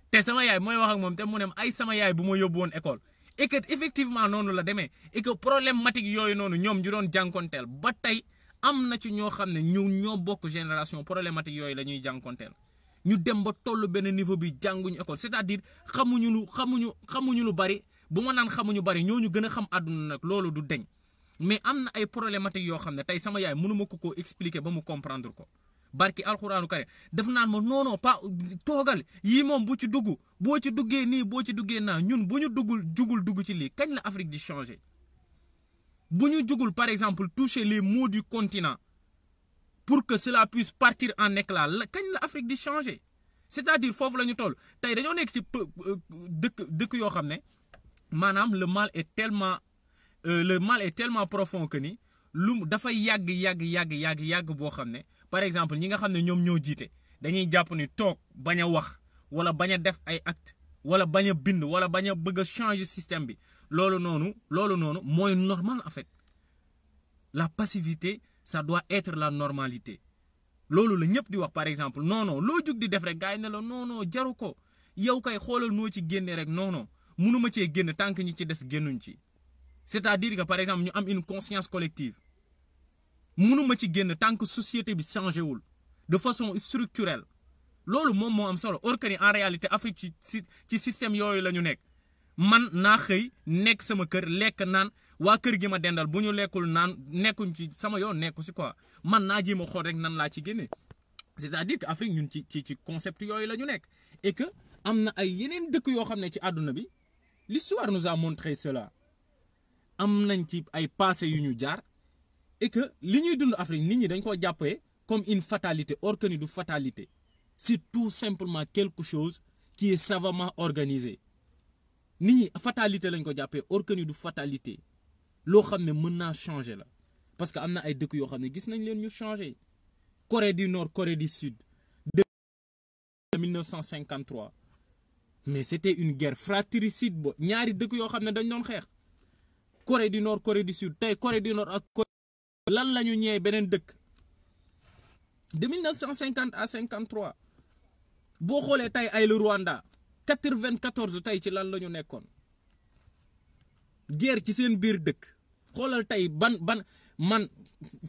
te sama yaay mooy wax ak moom te mu ne ay sama yaay bu ma yóbbu woon école et que noonu la demee et que problématique yooyu noonu ñoom ñu doon jànkonteel ba tey am na ci ñoo xam ne ñu ñoo bokk génération problématique yooyu la ñuy jànkonteel ñu dem ba tollu benn niveau bi jànguñu école c'est-à-dire xamuñu lu xamuñu xamuñu lu bari bu ma naan xamuñu bari ñoo ñu gën a xam àdduna nag loolu du deñ mais am na ay problématiques yoo xam ne tey sama yaay mënuma ko ko expliquer ba mu comprendre ko barki alxuraanu kare def naan ma non non toogal yii moom bu ci dugg boo ci duggee nii boo ci duggee naa ñun bu ñu duggul jugul dugg ci lii kañ la Afrique di changer bu ñu jugul par exemple toucher les maux du pour que cela puisse partir en éclat la kañ la Afrique di changer c'est-à-dire foofu la ñu toll tey dañoo nekk ci euh, dëkk dëkk yoo xam ne maanaam le mal est tellement euh, le mal est tellement profond que ni lu dafa yàgg yàgg yàgg yàgg yàgg boo xam ne par exemple ñi nga xam ne ñoom ñoo jiite dañuy jàpp ni toog bañ a wax wala bañ a def ay acte wala bañ a bind wala bañ a bëgg a système bi loolu noonu loolu noonu mooy normal en fait la passivité. ça doit être la normalité loolu la ñëpp di wax par exemple non loo jug di def rek gars na ne la non jaru ko yow kay xoolal noo ci génne rek non non mënuma cee génn tànk ñi ci des génnuñ ci c'est-à-dire que par exemple ñu am une conscience collective mënuma ci génn tànk société bi changé wul de façon structurelle loolu moom moo am solo or en réalité Afrique ci ci système yooyu la ñu nekk man naa xëy nekk sama kër lekk naan. waa kër gi ma dendal bu ñu lekkul naan nekkuñ ci sama yoon nekku si quoi man naa jéem a xool rek nan laa ci génne c'est-à-dire que Afrique ñun ci ci ci concept yooyu la ñu nekk et que am na ay yeneen dëkk yoo xam ne ci àdduna bi l'histoire nous a montré cela am nañ ci ay passé yu ñu jaar et que li ñuy dund Afrique nit ñi dañ ko jàppee comme une fatalité or du fatalité surtout simplement quelque chose qui est savamment organisé nit ñi fatalité lañ ko jàppee or du fatalité loo xam ne mën naa changer la parce que am na ay dëkk yoo xam ne gis nañ leen ñu changer Corée du Nord Corée du Sud de 1953 mais c'était une guerre fratricide bo ñaari dëkk yoo xam ne dañ doon xeex Corée du Nord Corée du Sud tey Corée du Nord ak Corée lan la ñu ñëwee beneen dëkk de 1950 à 53 boo xoolee tey ay le Rwanda 94 tey ci lan la ñu nekkoon guerre ci seen biir dëkk xoolal tey ban ban man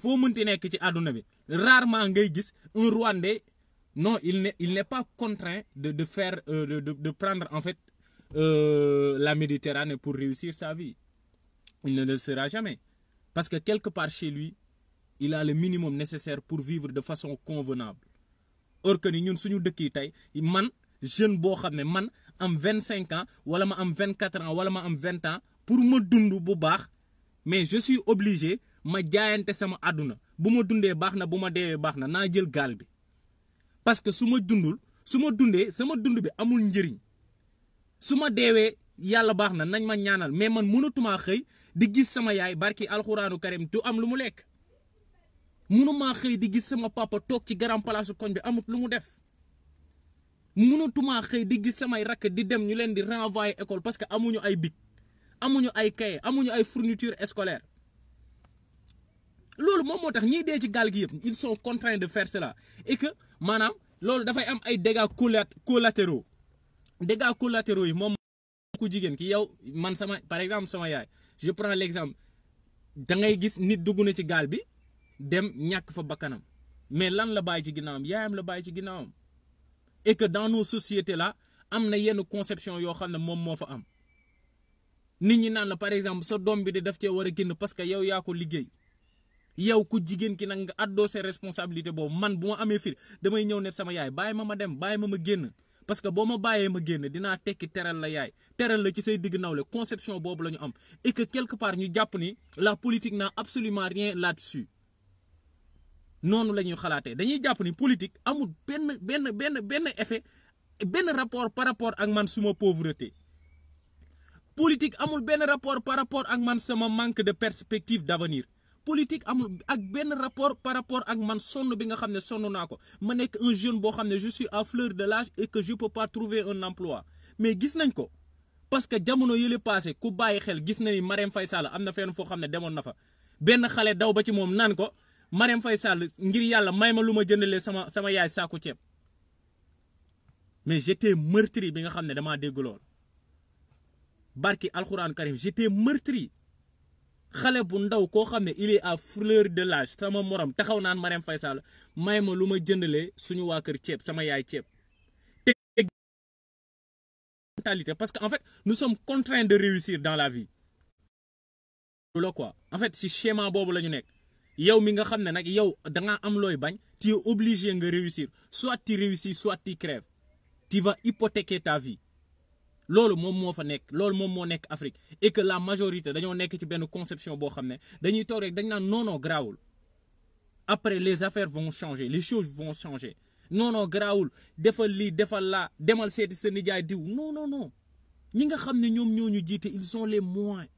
foo mënti nekk ci àdduna bi rarement ngay gis un Rwandais non il n'est il n'est pas contraint de de faire euh, de, de prendre en fait euh, la Méditerranée pour réussir sa vie il na le sera jamais parce que quelque part chez lui il a le minimum nécessaire pour vivre de façon convenable or que ni ñun suñu dëkk yi tey man jeune boo xam ne man am vingt cinq ans wala ma am vingt quatre ans wala ma am vingt ans pour ma dund bu baax mais je suis obligé ma jaayante sama àdduna bu ma dundee baax na bu ma deewee baax na naa jël gaal bi parce que su ma dundul su ma dundee sama dund bi amul njëriñ su ma deewee yàlla baax na nañ ma ñaanal mais man mënatumaa xëy di gis sama yaay barki alxuraanu karim du am lu mu lekk mënumaa xëy di gis sama papa toog ci garam koñ bi amut lu mu def mënatumaa xëy di gis samay rakk di dem ñu leen di renvoyer école parce que amuñu ay bic amuñu ay cahier amuñu ay fourniture scolaire loolu moom moo tax ñiy dee ci gaal gi yëpp ils sont contraints de faire cela et que maanaam loolu dafay am ay dégâts collatéraux dégâts collatéraux yi moom ku jigéen ki yow man sama par exemple sama yaay je prends l'exemple da ngay gis nit dugg na ci gaal bi dem ñàkk fa bakkanam mais lan la bàyyi ci ginnaawam yaayam la bàyyi ci ginnaawam et que dans nos sociétés am na yenn conception yoo xam ne moom moo fa am nit ñi naan la par exemple sa doom bi de daf cee war a génn parce que yow yaa ko liggéey yow ku jigéen ki nag nga àddoo sa responsabilité boobu man bu ma amee fii damay ñëw ne sama yaay bàyyi ma ma dem bàyyi ma ma génn parce que boo ma bàyyee ma génn dina tekki teral la yaay teral la ci say digg nawle conception boobu la ñu am et que quelque part ñu jàpp ni la politique n'a absolument rien là-dessus noonu la ñuy xalaatee dañuy jàpp ni politique amul benn benn benn benn effet benn rapport par rapport ak man suma pauvreté. politique amul benn rapport par rapport ak man sama manque de perspective d'avenir politique amul ak benn rapport par rapport ak man sonn bi nga xam ne sonn naa ko ma nekk un jeune boo xam ne je suis à fleur de l'âge et que je peux pas emploi mais gis nañ ko parce que jamono yële passé ku bàyyi xel gis na ni Marème Faye Sall foo xam ne demoon na fa benn xale daw ba ci moom naan ko Marème Faye Sall ngir yàlla may ma lu ma jëndalee sama sama yaay saaku ceeb mais j'étais meurtri bi nga xam ne damaa dégg lool barki alxuraan karim j'étais meurtri xale bu ndaw koo xam ne il est à fleur de lage sama morom taxaw naan Marème Faye Sall may ma lu ma jëndalee suñu waa kër ceeb sama yaay ceeb te parce que en fait nous sommes contraints de réussir dans la vie loolu quoi en fait si schéma boobu la ñu nekk yow mi nga xam ne nag yow dangaa am looy bañ ti es obligé nga réussir soit tu réussis soit tu crèves tu vas hypothéquer ta vie loolu moom moo fa nekk loolu moom moo nekk Afrique et que la majorité dañoo nekk ci benn conception boo xam ne dañuy toog rek dañ naan non non après les affaires vont changer les choses vont changer non non defal lii defal laa demal seeti sa nijaay diw non non non ñi nga xam ne ñoom ñoo ñu jiite ils ont les moyens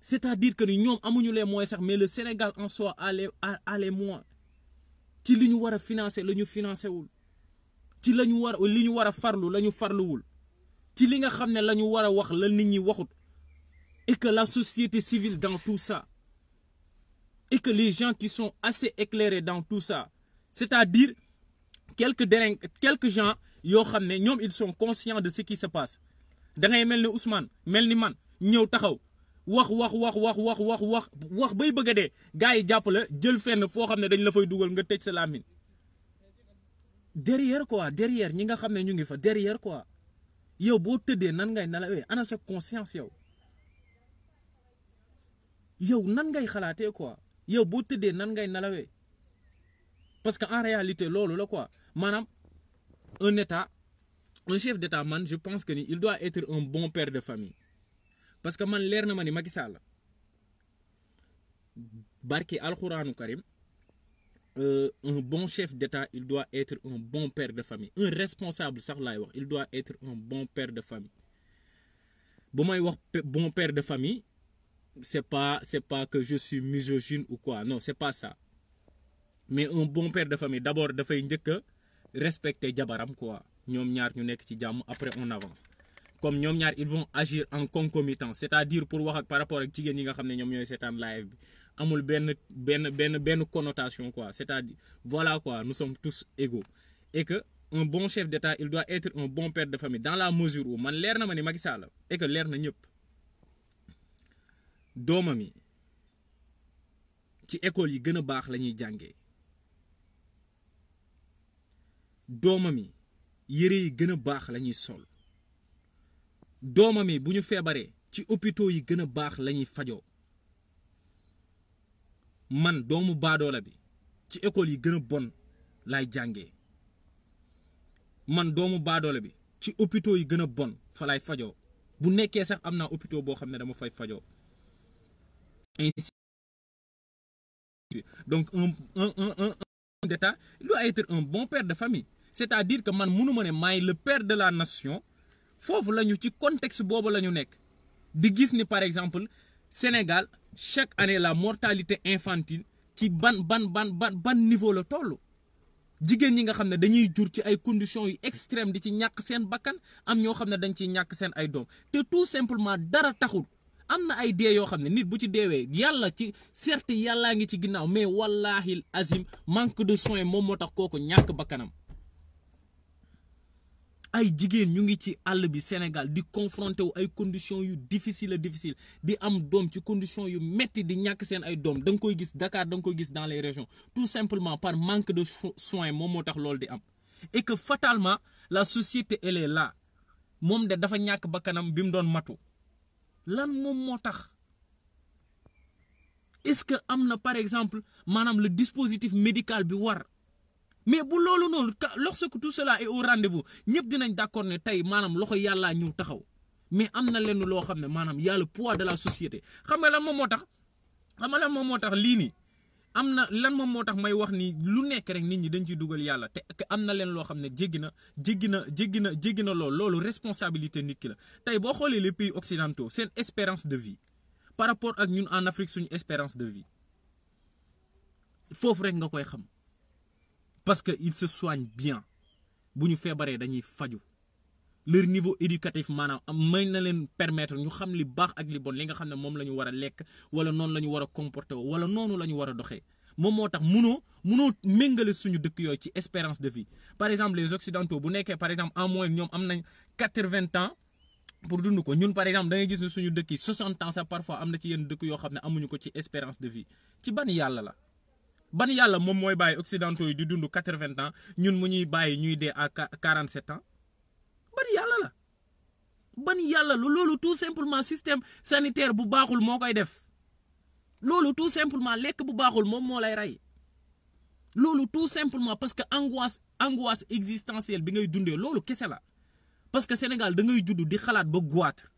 c'est-à-dire que ni ñoom amuñu les mooy sax mais le Sénégal en soi a les a les moyens ci li ñu war a financer la ñu financer wul ci la ñu war li ñu war a farlu la ñu farluwul. ci li nga xam ne la ñu war a wax la nit ñi waxut et que la société civile dans tout ça et que les gens qui sont assez éclairés dans tout ça c'est-à-dire quelques dérin quelques gens yoo xam ne ñoom ils son conscients de ce qui se passe da ngay mel ni Ousmane mel ni man ñëw taxaw wax wax wax wax wax wax wax wax bay bëgg a dee gars yi jàpp la jël fenn foo xam ne dañ la fay dugal nga tëj sa làmmiñ derrière quoi derrière ñi nga xam ne ñu ngi fa derrière quoi. yow boo tëddee nan ngay nalawee eh, ana sa conscience yow yow nan ngay xalaatee quoi yow boo tëddee nan ngay nalawee eh. parce que en réalité loolu la quoi maanaam un état un chef d'état man je pense que ni il doit être un bon père de famille parce que man leer na ma ni Macky Sall barki alxuraanu karim Euh, un bon chef d'État, il doit être un bon père de famille. Un responsable, ça, il doit être un bon père de famille. bon père de famille, c'est pas, c'est pas que je suis misogyne ou quoi. Non, c'est pas ça. Mais un bon père de famille, d'abord, il faut respecter Djabaram, quoi. Après, on avance. Comme ils vont agir en concomitant. C'est-à-dire, pour voir par rapport ñoom qui ils live. amul benn benn benn benn connotation quoi c'est-à-dire voilà quoi nous sommes tous égaux et que un bon chef d'État il doit être un bon père de famille dans la mesure où man leer na ma ni Macky Sall et que leer na ñëpp doomam yi ci école yi gën a baax la ñuy jàngee doomam yi yëre yi gën a baax la ñuy sol doomam yi bu ñu feebaree ci hôpitaux yi gën a baax la ñuy fajoo man doomu baadoola bi ci école yi gën a bon laay jànge man doomu baadoola bi ci hôpitaux yi gën a bon fa laay fajoo bu nekkee sax am na hôpitaux boo xam ne dama fay fajoo ainsi donc un un un un d'État doit être un bon père de famille c'est-à-dire que man mënu ma ne maay le père de la nation foofu la ñu ci contexte boobu lañu nekk di gis ni par exemple Sénégal chaque année la mortalité infantile ci ban ban ban ban ban niveau la toll jigéen ñi nga xam ne dañuy jur ci ay conditions yu extrême di ci ñàkk seen bakkan am ñoo xam ne dañ ciy ñàkk seen ay doom te tout simplement dara taxul am na ay dee yoo xam ne nit bu ci deewee yàlla ci certes yàllaa ngi ci ginnaaw mais wallaahi azim manque de soins moom moo tax kooku ñàkk bakkanam ay jigéen ñu ngi ci àll bi Sénégal di confronté wu ay conditions yu difficile a difficile di am doom ci conditions yu metti di ñàkk seen ay doom da nga koy gis Dakar da nga koy gis dans les régions tout simplement par manque de soins moom moo tax loolu di am et que fatalement la société elle est la moom de dafa ñàkk ba kanam bi mu doon matu lan moom moo tax est-ce que am na par exemple maanaam le dispositif médical bi war mais bu loolu noonu lorsque tout cela est au rendez-vous ñëpp dinañ d'accord ne tey maanaam loxo yàllaa ñu taxaw mais am na lenn loo xam ne maanaam yàlla le poids de la société xam nga lan moom moo tax xam nga moom moo tax lii nii am na lan moom moo tax may wax ni lu nekk rek nit ñi dañ ciy dugal yàlla te am na leen loo xam ne jéggi na jéggi na jéggi na jéggi na lool loolu responsabilité nit ki la tey boo xoolee les pays occidentaux seen espérance de vie par rapport ak ñun en Afrique suñu espérance de vie foofu rek nga koy xam. parce que ils se soignent bien bu ñu feebaree dañuy faju leur niveau éducatif maanaam am may na leen permettre ñu xam li baax ak li bon li nga xam ne moom la ñu war a lekk wala noonu la ñu war a comporter wala noonu la ñu war a doxee moom moo tax munoo munoo méngale suñu dëkk yooyu ci espérance de vie par exemple les occidentaux bu nekkee par exemple en moyenne ñoom am nañ quatre-vingts ans pour dund ko ñun par exemple da ngay gis ne suñu dëkk yi soixante ans sax parfois na ci yenn dëkk yoo xam ne amuñu ko ci espérance de vie ci ban yàlla la. ban yàlla moom mooy bàyyi occidentaux yi di dund quatre-vingts ans ñun mu ñuy bàyyi ñuy dee à quarante-sept ans ban yàlla la ban yàlla la loolu tout simplement système sanitaire bu baaxul moo koy def loolu tout simplement lekk bu baaxul moom moo lay rey loolu tout simplement parce que angoisse angoisse existentielle bi ngay dundee loolu kese la parce que Sénégal da ngay judd di xalaat ba goitre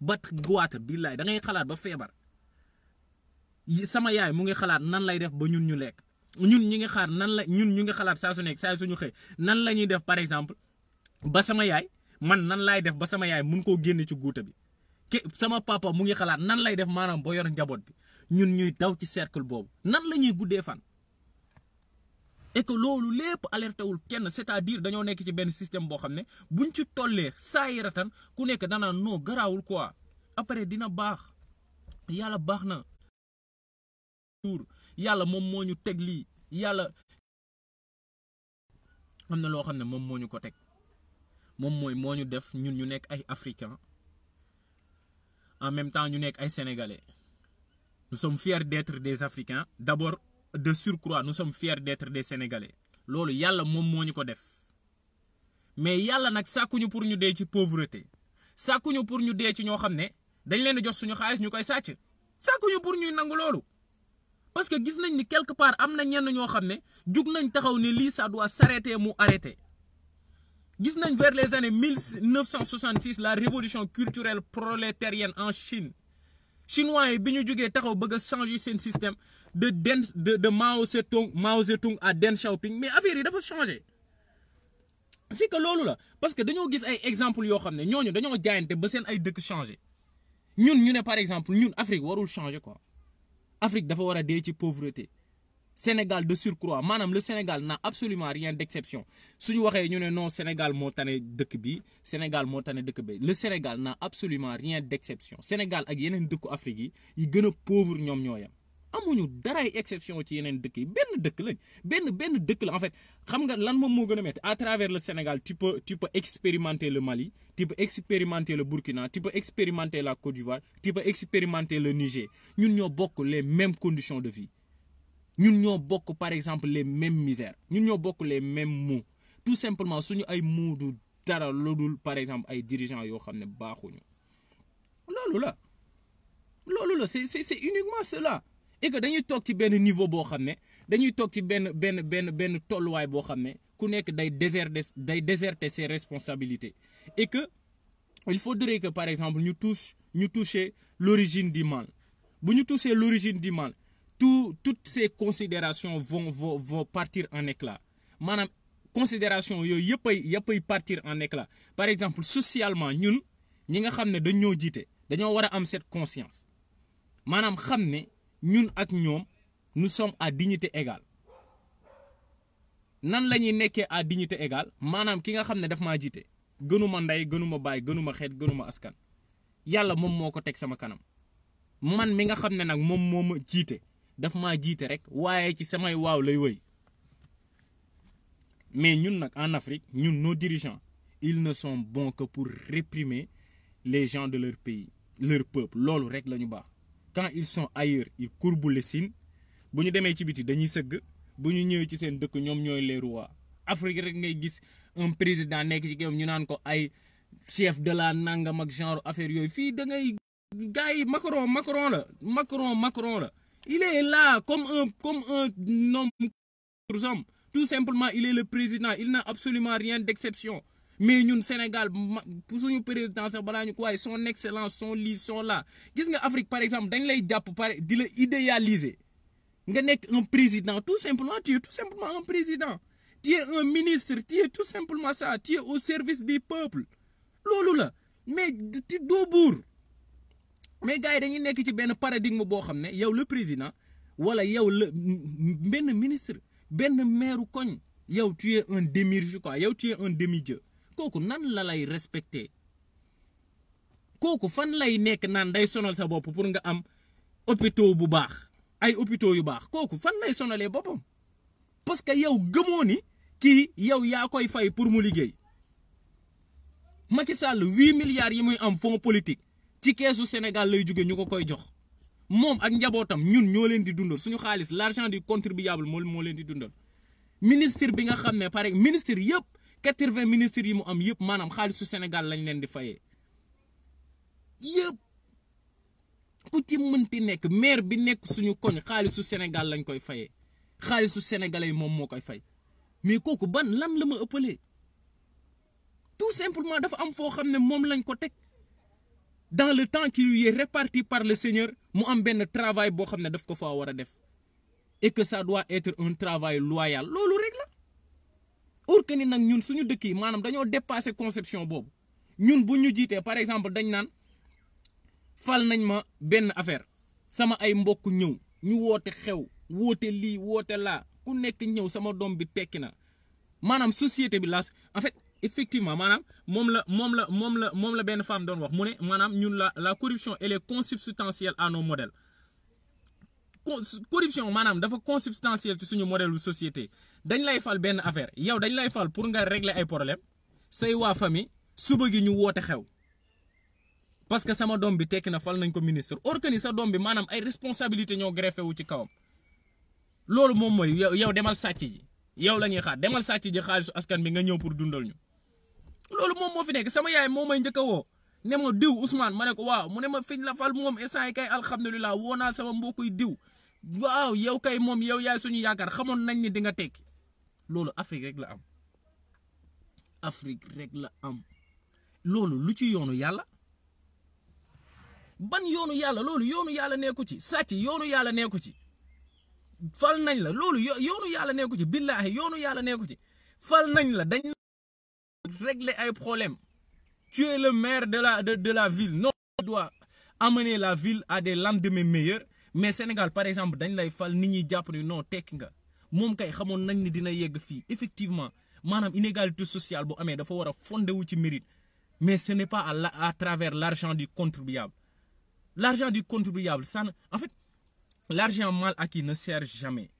ba goitre billaay da ngay xalaat ba feebar sama yaay mu ngi xalaat nan lay def ba ñun ñu lekk ñun ñu ngi xaar nan la ñun ñu ngi xalaat saa su nekk saa suñu xëy nan la ñuy def par exemple ba sama yaay man nan laay def ba sama yaay mun koo génne ci guute bi ke sama papa mu ngi xalaat nan lay def maanaam ba yor njaboot bi ñun ñuy daw ci cercle boobu nan la ñuy guddee fan. et loolu lépp alerté wul kenn c'est-à-dire dañoo nekk ci benn système boo xam ne buñ ci tollee saa yi ku nekk danaa noo garaawul quoi après dina baax yàlla baax na tour yàlla moom moo ñu teg lii yàlla am na loo xam ne moom moo ko teg moom mooy moo ñu def ñun ñu nekk ay africain en même temps ñu nekk ay sénégalais nous sommes fiers d'être des africains d'abord de surcroît nous sommes fiers d'être des sénégalais loolu yàlla moom moo ñu ko def mais yàlla nag sàkkuñu pour ñu dee ci pauvreté sàkkuñu pour ñu dee ci ñoo xam ne dañ leen jox suñu xaalis ñu koy sàcc sàkkuñu pour ñuy nangu loolu parce que gis nañ ni quelque part am na ñenn ñoo xam ne jug nañ taxaw ni lii ça doit mu arrêter gis nañ vers les années mille neuf cent soixante six la révolution culturelle prolétarienne en Chine chinois yi bi ñu jugee taxaw bëgg a changer seen système de Deng de de Mao Zedong Mao Zedong à Deng Xiaoping mais affaire yi dafa changer si que loolu la parce que dañoo gis ay exemple yoo xam ne ñooñu dañoo jaayante ba seen ay dëkk changer ñun ñu ne par exemple ñun Afrique warul changer quoi. Afrique dafa war a dee ci pauvreté Sénégal de surcroît maanaam le Sénégal n'a absolument rien d'exception su ñu waxee ñu ne non Sénégal moo tane dëkk bi Sénégal moo tane dëkk bi le Sénégal n'a absolument rien d'exception Sénégal ak yeneen dëkku Afrique yi yi gën a pauvre ñoom ñoo yem amuñu daray exception ci yeneen dëkk yi benn dëkk lañ benn benn dëkk la en fait xam nga lan moom moo gën a métti à travers le Sénégal tu peux tu le Mali tu peux la le Burkina tu peux la Côte d'Ivoire tu expérimenté expérimenter le Niger ñun ñoo bokk les mêmes conditions de vie ñun ñoo bokk par exemple les mêmes misères ñun ñoo bokk les mêmes maux tout simplement suñu ay maux du dara lu dul par exemple ay dirigeants yoo xam ne baaxuñu loolu la loolu la c'est et dañuy toog ci benn niveau boo xam ne dañuy toog ci benn benn benn benn tolluwaay boo xam ne ku nekk day déserter day déserter ses responsabilités et que il faudrait que par exemple ñu touche ñu toucher l'origine di mal bu ñu toucher l'origine du mal tout toutes ces considérations vont vont partir en éclat maanaam considération yooyu yëpp ay yëpp ay partir en éclat par exemple socialement ñun ñi nga xam ne dañoo jiite dañoo war a am cette conscience maanaam xam ne ñun ak ñoom nous sommes à dignité égale nan la ñuy nekkee à dignité égale maanaam ki nga xam ne daf maa jiite gënuma ndey gënuma baay gënuma xeet gënuma askan yàlla moom moo ko teg sama kanam man mi nga xam ne nag moom moo ma jiite dafa maa jiite rek waaye ci samay waaw lay wëy mais ñun nag en Afrique ñun nos dirigeants ils ne sont bons que pour réprimer les gens de leur pays leur peuple loolu rek la ñu baax quand ils sont ailleurs ils courbent les bu ñu demee ci biti dañuy sëgg bu ñu ñëwee ci seen dëkk ñoom ñooy les rois Afrique rek ngay gis un président nekk ci kawam ñu naan ko ay chef de la nangam ak genre affaire yooyu fii da ngay yi Macron Macron la Macron Macron la il est là comme un comme un homme tout simplement il est le président il n'a absolument rien d'exception mais ñun Sénégal ñu président sax balaa ñu ko waaye son excellence son lii son là gis nga Afrique par exemple dañ lay jàpp pare di la idéaliser nga nekk un président tout simplement tu es simplement un président tu es un ministre tu simplement ça tu au service du peuple loolu la mais tu doo mais gars yi dañuy nekk ci benn paradigme boo xam ne yow le président wala yow la benn ministre benn maire koñ yow tu es un démiurge quoi yow tu un demi-dieu kooku nan la lay respecté kooku fan lay nekk naan day sonal sa bopp pour nga am hôpitaux bu baax ay hôpitaux yu baax kooku fan lay sonalee boppam parce que yow gëmoo ni kii yow yaa koy fay pour mu liggéey Macky Sall huit milliards yi muy am fonds politique ci keesu Sénégal lay jóge ñu ko koy jox moom ak njabootam ñun ñoo leen di dundal suñu xaalis l'argent du contribuable moo moo leen di dundal ministre bi nga xam ne pare ministre yëpp quatre-vingts ministres yi mu am yëpp maanaam xaalisu Sénégal lañ leen di fayee yëpp ku ci mënti nekk maire bi nekk suñu koñ xaalisu Sénégal lañ koy fayee xaalisu sénégalais moom moo koy fay mais kooku ban lan la ma ëppalee tout simplement dafa am foo xam ne moom lañ ko teg dans le temps qui lui est réparti par le Seigneur mu am benn travail boo xam ne daf ko faa war a def et que ça doit être un travail loyal loolu rek la. or que ni nag ñun suñu dëkk yi maanaam dañoo dépassé conception boobu ñun bu ñu jiitee par exemple dañ naan fal nañ ma benn affaire sama ay mbokk ñëw ñu woote xew woote lii woote laa ku nekk ñëw sama doom bi tekki na maanaam société bi la en fait effectivement maanaam moom la moom la moom la moom la benn femme doon wax mu ne maanaam ñun la la corruption elle est consubstantielle à nos modèles corruption maanaam dafa consubstantielle ci suñu modèle société dañ lay fal benn affaire yow dañ lay fal pour nga régler ay problème say waa famille suba gi ñu woote xew parce que sama doom bi tekki na fal nañ ko ministre or sa doom bi maanaam ay responsabilité ñoo greffé wu ci kawam loolu moom mooy yow demal sàcc ji yow la ñuy xaar demal sàcc ji xaalis askan bi nga ñëw pour dundal ñu loolu moom moo fi nekk sama yaay moo may njëkk a woo ne ma diw Ousmane ma ne ko waaw mu ne ma fiñ la fal moom instant yi kay alhamdulilah woo naa sama mbokkuy diw waaw yow kay moom yow yaay suñu yaakaar xamoon nañ ni di nga tekki loolu Afrique rek la am Afrique rek la am loolu lu ci yoonu yàlla ban yoonu yàlla loolu yoonu yàlla nekku ci sàcc yoonu yàlla nekku ci fal nañ la loolu yoonu yàlla nekku ci billaahi yoonu yàlla nekku ci fal nañ la dañ régler ay problème tu le maire de la de, de la ville no tu amener la ville à des lendemains meilleurs mais Sénégal par exemple dañ lay fal ni ñi jàpp ni non tekki nga moom kay xamoon nañ ni dina yegg fii effectivement maanaam inégalité sociale bu amee dafa war a fondé wu ci mérite mais ce n'est pas à la à travers l'argent du contribuable l'argent du contribuable ça en fait l'argent mal acquis ne sert jamais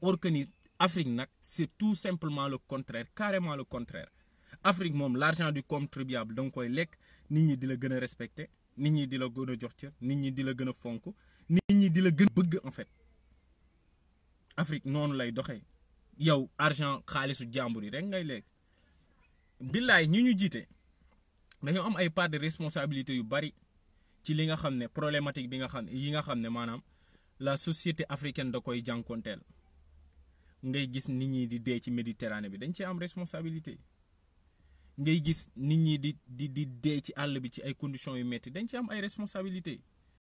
or que ni Afrique nag c'est tout simplement le contraire carrément le contraire Afrique moom l'argent du contribuable da nga koy lekk nit ñi di la gën a respecter nit ñi di la gën a jox cër nit ñi di la gën a fonk nit ñi di la gën bëgg en fait Afrique noonu lay doxee yow argent xaalisu jàmbur yi rek ngay lekk billaay ñi ñu jiite dañoo am ay part de responsabilité yu bari ci li nga xam ne problématique bi nga xam ne yi nga xam ne maanaam la société africaine da koy jànkonteel ngay gis nit ñi di dee ci Méditerranée bi dañ ci am responsabilité ngay gis nit ñi di di di dee ci àll bi ci ay conditions yu metti dañ ci am ay responsabilité